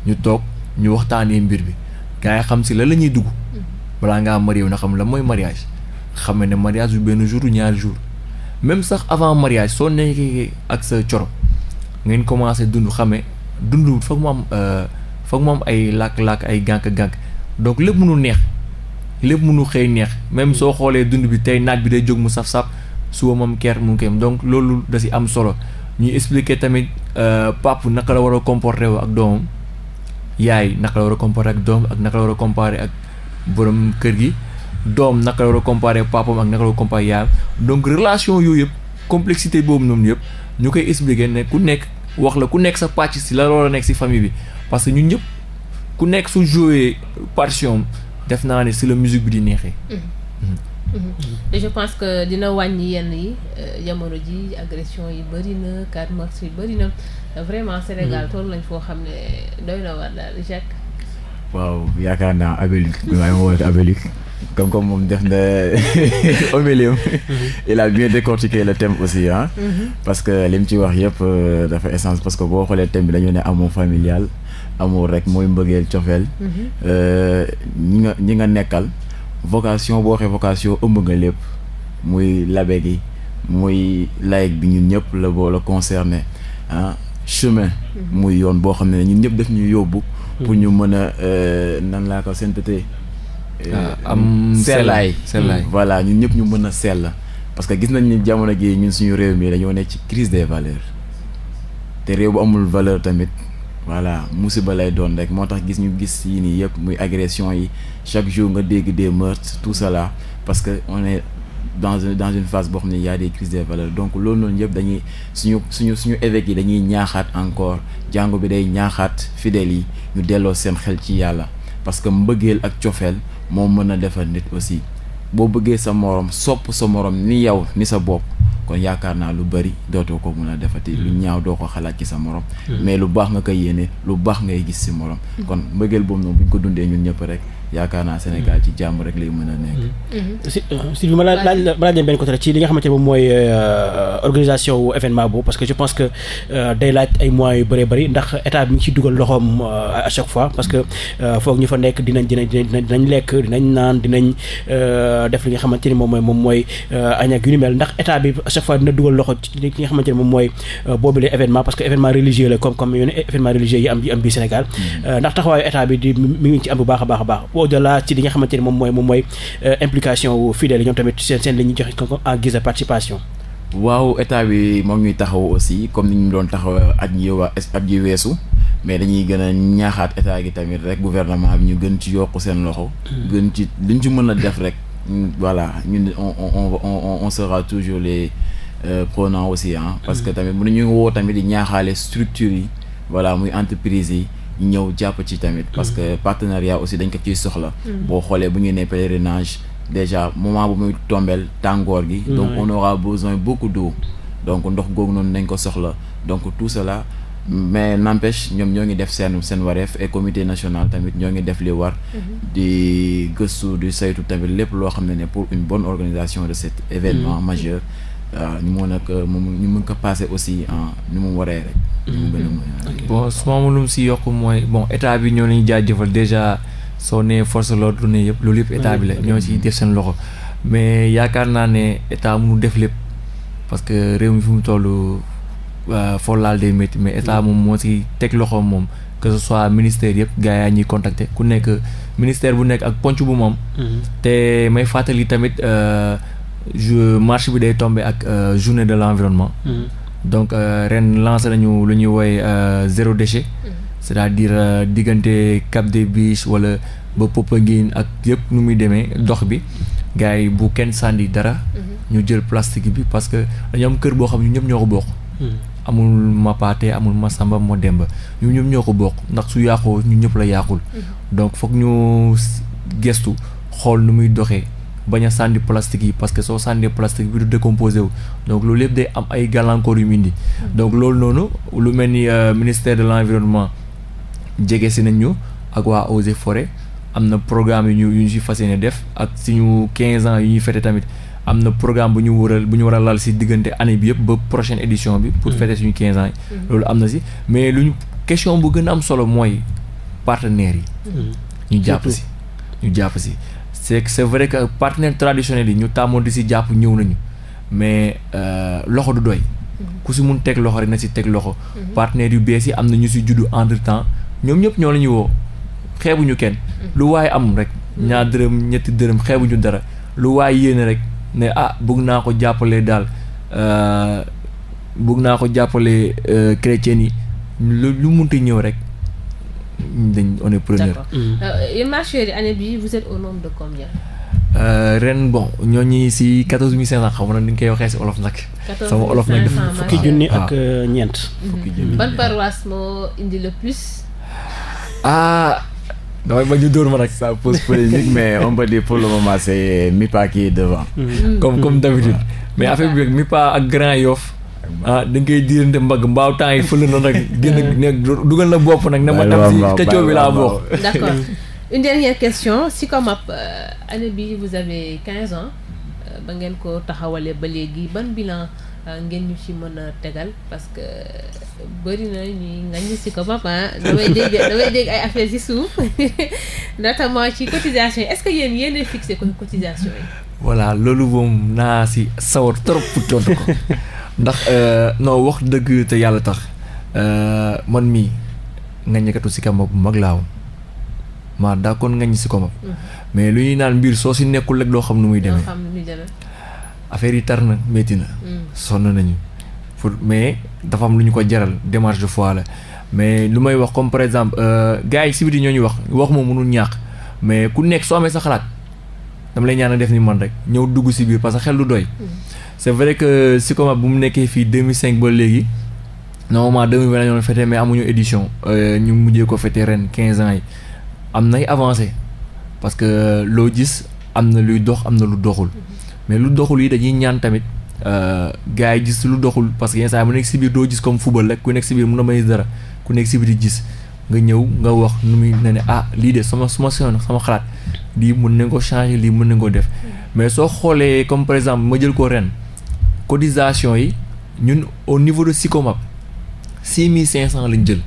ñu toog ñu waxtaanee mbir bi gars yi xam si la la ñuy dugg balaa ngaa marié na xam la mooy mariage xam ne mariage bu benn jour ñaari jour même sax avant mariage soo nekkee ak sa coro ngeen commencé dund xamee dund foog mu am euh, foog mu am ay làkk-làkk ay gànk-gànk donc lépp mënu neex lépp mënu xëy neex même soo xoolee dund bi tey naaj bi day jóg mu saf-saf suba moom keer mu ngi koy donc loolu da si am solo ñuy expliquer tamit euh, pap naka la war a comporter wu ak doomam yaay naka la war a comporter ak doom ak naka la war a comparer ak borom kër gi doom naka la war a comparé papam ak naka la war a comparé yaayam donc relation yooyu yëpp complexité boobu noonu yëpp ñu koy expliquer ne ku nekk wax la ku nekk sa pacc si la war a nekk si famille bi parce que ñu ñëpp ku nekk su joué partition def naa ne si la musique bi di neexee.
Mm-hmm. Mm-hmm. Mm-hmm. je pense que dina wàññi yenn yi euh, jamono ji agression yi bëri na quatre mars bëri na vraiment Sénégal toll nañ foo xam ne
waaw yaakaar naa Abélique bi comme comme moom def na homélium il a bien décortiqué le thème aussi ah parce que li mu ci wax yëpp euh, dafa essence parce que boo xoolee thème bi dañoo ne amour familial amour rek mooy mbëggeel cofeel mm-hmm. euh, ñi nga ñi nga nekkal vocation boo waxee vocation ëmb nga lépp muy labe gi muy laïc bi ñu ñëpp la boo la concerné ah chemin mm-hmm. muy yoon boo xam ne ñu ñëpp def ñu yóbbu pour ñu mën a euh, nan laa ko synthété Euh, ah, am sellaay sellaay mm. voilà ñun ñëpp ñu mën a sell parce que gis nañ ni jamono gi ñun suñu réew mii dañoo nekk ci crise des valeur te réew bu amul valeur tamit voilà musiba lay doon rek moo tax gis ñu gis yi nii yëpp muy agression yi chaque jour nga dégg des meurtres tout cela parce que one est dans une dans phase boo xam ne y a des crises des valeurs donc loolu noonu yëpp dañuy suñu suñu suñu évêques yi dañuy ñaaxaat encore jàngu bi day ñaaxaat fidèles yi ñu delloo seen xel ci yàlla parce que mbëggeel ak cofeel moo mën a defal nit aussi boo bëggee sa morom sopp sa morom ni yow ni sa bopp kon yaakaar naa lu bari dootoo ko mën a defati. lu ñaaw doo ko xalaat ci sa morom. Hmm. mais lu baax nga koy yéene lu baax ngay gis si morom. Hmm. kon mbëggeel boobu noonu bu ñu ko dundee ñun ñëpp rek. yaakaar naa Sénégal ci jàmm rek lay mën a nekk. Mm-hmm.
Mm-hmm. si euh, ci li nga xamante ne moom mooy euh, organisation wu événement boobu parce que je pense que euh, day laaj ay moyens yu bëree bi ngi ci dugal loxoom à chaque fois parce que foog ñu fa nekk dinañ dinañ dinañ dinañ lekk dinañ naan dinañ def li nga ni moom mooy moom mooy añ ak moom mooy boobule événement parce que événement religieux la comme comme événement religieux yi am yi am bi Sénégal mm-hmm. ndax taxawaayu état bi di ngi ci am bu baax a baax a baax au-delà ci li nga xamante ni moom mooy moom mooy euh, implication wu fidèles yi ñoom tamit seen seen li joxe ko en guise de participation.
waaw état bi moom ñuy taxaw aussi comme ni ñu doon taxaw at yi waa at yi weesu mais dañuy gën a ñaaxaat état gi tamit rek gouvernement bi ñu gën ci yokk seen loxo. gën ci liñ ci mën a def rek. voilà ñun on on on on sera toujours les euh, prenants aussi ah. parce que mm. tamit mënuñu woo tamit di ñaaxaale structures yi voilà muy entreprise yi. ñëw jàpp ci tamit parce que partenariat aussi dañ ko ciy soxla boo xoolee bu ñu nee pèlerinage déjà moment bu muy tombel tàngoor gi mm-hmm. donc on aura besoin beaucoup d'eau donc ndox googu noonu nañ ko soxla donc tout cela mais n'empêche ñoom ñoo ngi def seen seen wareef et comité national tamit ñoo ngi def li war mm-hmm. di gëstu di saytu tamit lépp loo xam ne ne pour une bonne organisation de cet événement mm-hmm. majeur waaw ñu mën ak moom ñu mën ko passé aussi ñu mu waree rek. ñu mhm.
bon su ma lu si yokk mooy bon état bi ñoo leen jëfal déjà soo nee force l'ordre ne yëpp loolu yëpp état bi la ñoo ciy def seen loxo mais yaakaar naa ne état mu def lépp parce que réew mi fi mu toll foo laal day métti mais état moom moo si teg loxo moom que ce soit ministère yëpp gars yaa ñuy contacter ku nekk ministère bu nekk ak ponc bu moom. Mhm. te may fàttali tamit. Euh, je bi day tombe ak euh, journée de l'environnement mm-hmm. donc euh, ren lancé lañu lu ñuy wooye euh, zéro déchet mm-hmm. c'est-à-dire diggante Cap des Biches wala ba Popenguine ak yëpp nu muy demee dox bi gars yi bu kenn sànni dara mm-hmm. ñu jël plastique bi parce que dañu am kër boo xam ñu ñëpp ñoo ko bokk amul Mapaate amul ma Masamba moo Demba ñu ñëpp ñoo ko bokk ndax su yàqoo ñu ñëpp la yàqul donc foog ñu gestu xool nu muy doxee bañ a sànni plastique yi parce que soo sànnee plastique bi du décomposé wu donc loolu yëpp de am ay gàllankoor yu mu indi hmm. donc loolu noonu lu mel ni euh, ministère de l'environnement jege si nañ ñu ak waa eaux fore am na programme yu ñu yu ñu si fas yéene def ak suñu quinze ans yu ñuy fete tamit am na programme bu ñu war bu ñu war a lal si diggante année bi yëpp ba prochaine édition bi pour hmm. fete ñu quinze ans yi hmm. loolu am na si mais lu ñu question bu gën a am solo mooy partenaires yi ñu jàpp si ñu jàpp si c'est que vrai que partenaires traditionnels yi ñu tàmmoon di si jàpp ñëw nañu mais euh, loxo du doy. Mm-hmm. ku si mun teg loxo rek na si teg loxo. Mm-hmm. partenaires yu bees yi am na ñu si juddu entre temps ñoom ñëpp ñoo la ñuy woo xeebuñu kenn. Mm-hmm. lu waaye am rek. ñaar dërëm ñetti dërëm xeebuñu dara lu waaye yéene rek ne ah bëgg naa ko jàppalee daal bugg naa ko jàppale euh, euh, chrétiens yi lu lu munti ñëw rek. dañ on est preneur. Mm.
Euh, marché année bi vous êtes
euh, ren bon ñoo ñi si quatorze mille cinq cent xam na ni ñu koy waxee si olof nag. sama olof nag dafa fukki junni ak ah. euh, ñeent. Mhm. fukki junni ban
paroisse moo indi le plus.
ah. damay bañ a dóor ma nag. ça
pose
mais on
peut dire pour le moment c' est Mipa devant. Mhm. comme comme d' mais affaire bi rek
Mipa ak Grand Yoff. ah da ngay diirante mbagg mbaaw temps yi fële na nag génn ne dugal na bopp nag ne ma tam si tëccoo bi laa bokk
question si Comap euh, année bi vous avez quinze ans euh, ba ngeen ko taxawalee ba léegi ban bilan euh, ngeen ñu ci mën a tegal parce que bëri na ñuy ngañ si ko papa ah. damay dégg damay ay affaires ci suuf notamment ci cotisation yi est que yéen yéen fixe ko cotisation yi
voilà loolu moom naa si sawar trop pour ko ndax euh, non wax dëgg te yàlla tax euh, man mii nga ñekkatu si kamba bu mag laa woon maa daa kon ngañ si ko ma mm-hmm. mais lu ñuy naan mbir soo si nekkul rek doo xam nu muy demee affaire yi tar na métti na mm. sonn nañu pour mais dafa am lu ñu ko jaral démarche de fois la mais lu may wax comme par exemple euh, gars yi si biti ñoo ñu wax wax moom mënul ñàkk mais ku nekk soo amee sa xalaat dama lay ñaan a def ni man rek ñëw dugg si biir parce que xel du doy. Mm. c'est vrai que Sicoma bi mu nekkee fii 2005 ba léegi normalement 2020 la ñu doon mais amuñu édition euh, ñu mujjee ko fêté ren 15 ans yi am nay avancé parce que loo gis am na luy dox am na lu doxul mm-hmm. mais lu doxul yi dañuy ñaan tamit euh, gars yi gis lu doxul parce que yenn saa yi mu nekk si biir doo gis comme football rek ku nekk si biir mun na may dara ku nekk si biir di gis. nga ñëw nga wax nu muy ne ne ah lii de suma sama sama xalaat lii mun nañ ko changer lii mun nañ ko def mais soo xoolee comme par exemple ma jël ko ren cotisation yi ñun au niveau de Sicomap six mille cinq cent lañ jël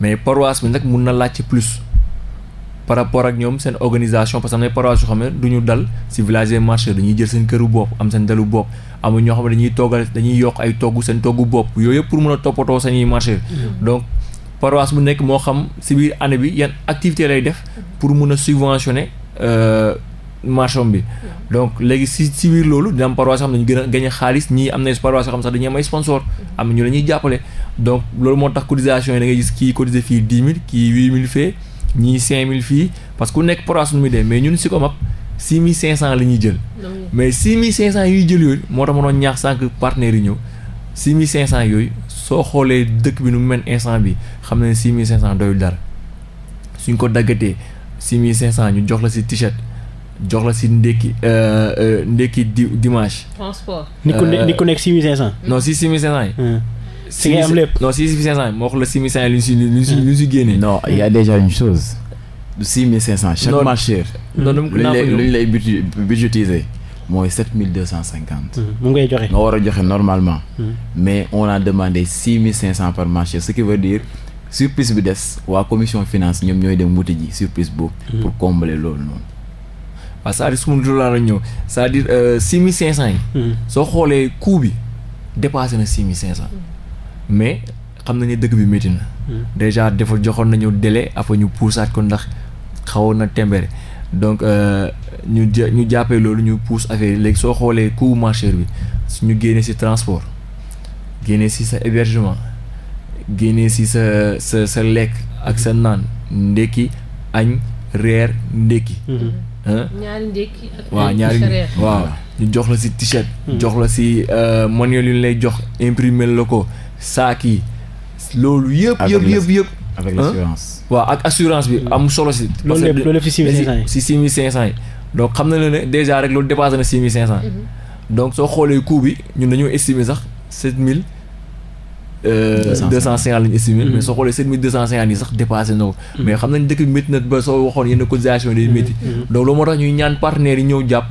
mais paroisse bi nag mun na laaj ci plus par rapport ak ñoom seen organisation parce que am na paroisse yoo ne du ñu dal si village des marchés dañuy jël seen këru bopp am seen dalu bopp amu ñoo xam ne dañuy toggal dañuy yokk ay togg seen toggu bopp yooyu pour mun a toppatoo seen i paroisse bu nekk moo xam si biir année bi yan activité lay def pour mun a subventionner euh, marchand bi donc léegi si si biir loolu dina am paroisse xam ne dañu gën a xaalis ñii am na paroisse yoo xam sax dañuy am ay am na ñu la ñuy jàppale donc loolu moo tax cotisation yi ngay gis kii cotisé fii dix mille kii huit mille fee ñii cinq mille que ku nekk paroisse mais ñun si ko map six mille cinq cent la ñuy jël mais six cinq cent yi ñuy jël yooyu moo tax ma doon ñaax cinq partenaires yi ñëw si mille cinq cent yooyu soo xoolee dëkk bi nu mu mel instant bi xam na ne six mille cinq cent dara suñ ko daggatee six mille cent ñu jox la si t-shirt jox la si ndékki euh, euh, ndékki di dimanche. transport. ni ku ne euh, ni ku nekk
six mille cinq cent. si six
si ngay am lépp non si six mille cinq cent yi moo wax si
lu si si génnee. non il y a déjà une chose. du cent. chaque marché. non non lu ñu lay budgétiser. mooy sept mille deux cent cinquante. mu hmm, ngay joxe. nga war a joxe normalement. Hmm. mais on a demandé six mille cinq cent par marché ce qui veut dire surplus bi des waa commission finance ñoom ñooy dem wuti ji surplus boobu. Hmm. pour combler loolu noonu. waaw cest à suma su laa la ñëw c'est-à-dire euh, six mille cinq cent yi. soo xoolee coût
bi dépassé na six mille cinq cent. mais xam nañu dëkk bi métti na. déjà dafa joxoon nañu délai afa ñu puusaat ko ndax xawoon na tembere. donc euh, ñu jë ñu jàppee loolu ñu pouse affaire yi léegi soo xoolee coût marché bi ñu génnee si transport génnee si sa hébergement génnee si sa sa sa lekk ak sa naan ndékki añ reer ndékki mm-hmm.
ñaari ndékki waaw
ñu jox la si t-shirt mm-hmm. jox la si euh, manuel yu lay jox imprimer la ko saak yi loolu yëpp yëpp yëpp yëpp avec waaw ak assurance bi am solo si. parce que loolu fi six mille cinq cent yi si six mille cinq cent yi. donc xam na ne déjà rek loolu dépassé na six mille cinq cent. Mhm. donc soo xoolee coût bi ñun dañoo estimer sax sept mille. Euh, deux cent cinquante lañu estimé mais mm-hmm. soo xoolee sept mille sax dépassé na ko mm-hmm. mais xam nañ dëkk bi na ba soo waxoon yenn cotisation yi day métti mm-hmm. donc loolu moo tax ñuy ñaan partenaires yi ñëw jàpp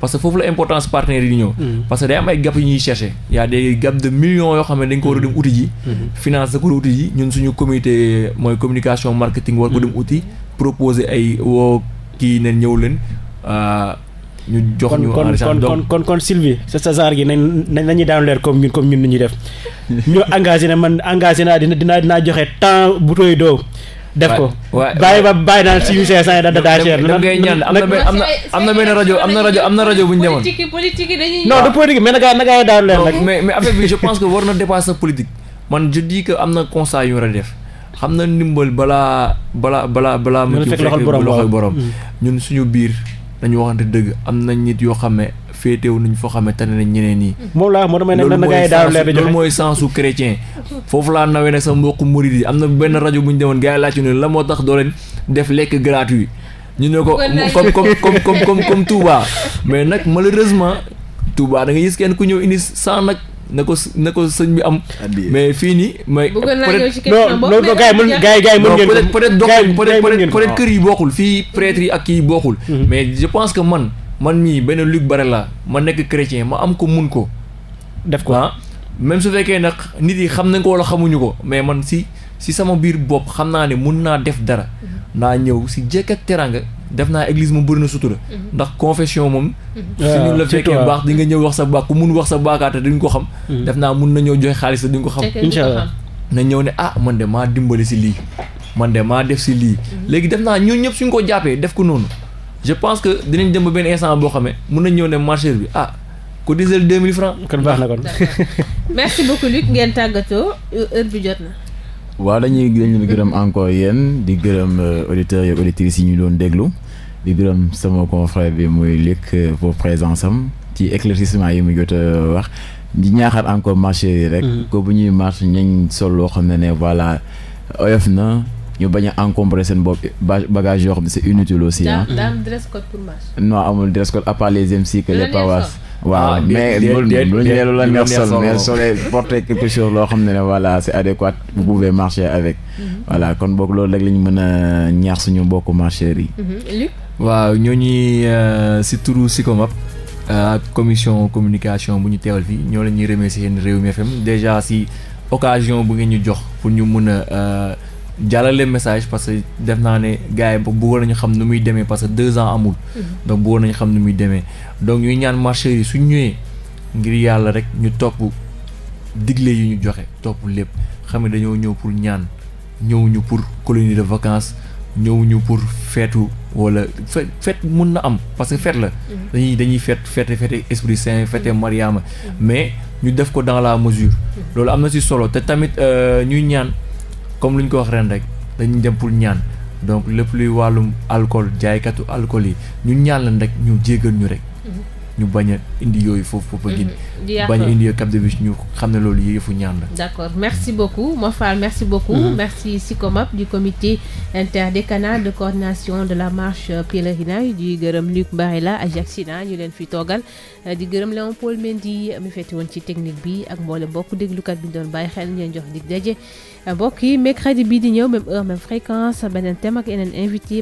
parce que foofu la importance partenaires yi ñëw parce que day am ay gap yu ñuy cherché y a des gap de millions yoo xam ne dañ ko war a dem uti ji finance da ko uti ji ñun suñu comité mooy communication marketing war ko dem uti proposer ay woo kii ne ñëw leen euh, ñu jox ñu kon kon
kon kon Sylvie sa sa saar gi nañ nañu daan leer comme ñun comme ñun ni ñuy dina dinaa dinaa joxe temps bu tooy doo def ba naan si yu see saa am na am na benn rajo am na am na rajo bu ñu demoon
politique dañuy non du politique
mais nagaa nagaa daan leer
nag mais mais bi je pense que war na dépasser politique man je dis que am na constat yu war a def xam na ndimbal balaa balaa balaa balaa mu ci fekk loxol borom mm. ñun suñu biir nañu waxante dëgg am na nit yoo xam ne féetewu nañ foo xam ne tane nañ ñeneen ñi.
moom moo damay ne na gars yi daal leer loolu mooy
sensu chrétien foofu laa nawee nag sa mbokku murid yi am na benn rajo bu ñu demoon gars yi la moo tax doo leen def lekk gratuit ñu ne ko comme comme comme comme comme Touba mais nag malheureusement Touba da nga gis kenn ku ñëw indi sans nag. na ko na ko sëñ bi am. mais fii nii. mais non non non gars yi mën gars yi gars yi mën ngeen ko. peut être peut être peut être kër yi bokkul fii prêtre yi ak kii bokkul. Mm-hmm. mais je pense que man man mii benn Luc Barela ma nekk chrétien ma am ko mun ko. def ko ah même su fekkee nag nit yi xam nañ ko wala xamuñu ko mais man si si sama biir bopp xam naa ne mun naa def dara mm-hmm. naa ñëw si jekk ak teranga def naa église moom bëri na sutura mhm. ndax confession moom mhm. suñu la fekkee baax di nga ñëw wax sa baax ku mun wax sa baakaate duñ ko xam mhm. def naa mun na ñëw joxe xaalis te duñ ko xam inchallah na ñëw ne ah man de maa dimbali si lii man de maa def si lii léegi def naa ñun ñëpp suñ ko jàppee def ko noonu je pense que dinañ dem ba benn instant boo xamee mun na ñëw ne marché bi ah ko cotiser 2000 francs kon baax na kon
merci beaucoup Luc ngeen tàggatoo heure bi jot na
waaw dañuy leen gërëm encore yéen di gërëm euh, auditeur yeeg auditrices yi ñu doon déglu di gërëm sama confrère bi muy lekk euh, pour présence am ci éclaircissement yi mu jot a wax di ñaaxaat encore marché yi rek. ko mm-hmm. bu ñuy marché ñañ sol loo xam ne ne voilà oyof na. ñu bañ a encombrer seen bopp bagage yoo xam ne c'est inutile aussi ah. daam amul dress code à part les MC que les pawas waaw ah, mais bul lu ñu lu la neex loo xam ne ne voilà c'est adéquat vous pouvez marché avec mhm. voilà kon book loolu rek la ñu mën a ñaax suñu mbokku marché yi
mhm.
waaw ñoo ñuy
euh, si turu Sicomap euh, ak commission communication bu ñu teewal fii ñoo la ñuy remercier Rewmi FM déjà si occasion bu ngeen ñu jox pour ñu mën a euh, jàllale message parce que def naa ne gars yi bëggoon nañu xam nu muy demee parce que deux ans amul. Mhm. donc bëggoon nañu xam ni muy demee. donc ñuy ñaan marché yi suñ ñëwee ngir yàlla rek ñu topp digle yu ñu joxe topp lépp xam ne dañoo ñëw pour ñaan ñëwuñu pour colonie de vacances ñëwuñu pour feetu wala fe feet mun na am parce que feet la. Mhm. dañuy dañuy feet feete feete esprit saint feete mhm. Mariama mais ñu def ko dans la mesure. loolu am na si solo te tamit euh, ñuy ñaan. comme lu ñu ko wax ren rek dañu dem ñaan donc lépp luy wàllum alcool jaaykatu alcool yi ñun ñaan leen rek ñu jéggal ñu rek. Mhm. ñu bañ a indi yooyu foofu Popenguine mhm. bañ a indi yooyu Cap de Biche ñu xam ne loolu yëfu ñaan la
d'accord merci mhm. beaucoup Mofal merci beaucoup mm si merci Sicomap di comité interdécanal de coordination de la marche pèlerinage di gërëm Luc Barilla ak Jacksina ñu leen fi toogal euh, di gërëm Léon Paul Mendy mi fete woon ci technique bi ak mboole mbokk déglukat bi doon bàyyi xel ñu jox dig mbokk yi mercredi bii di ñëw même heure même fréquence beneen thème ak yeneen invité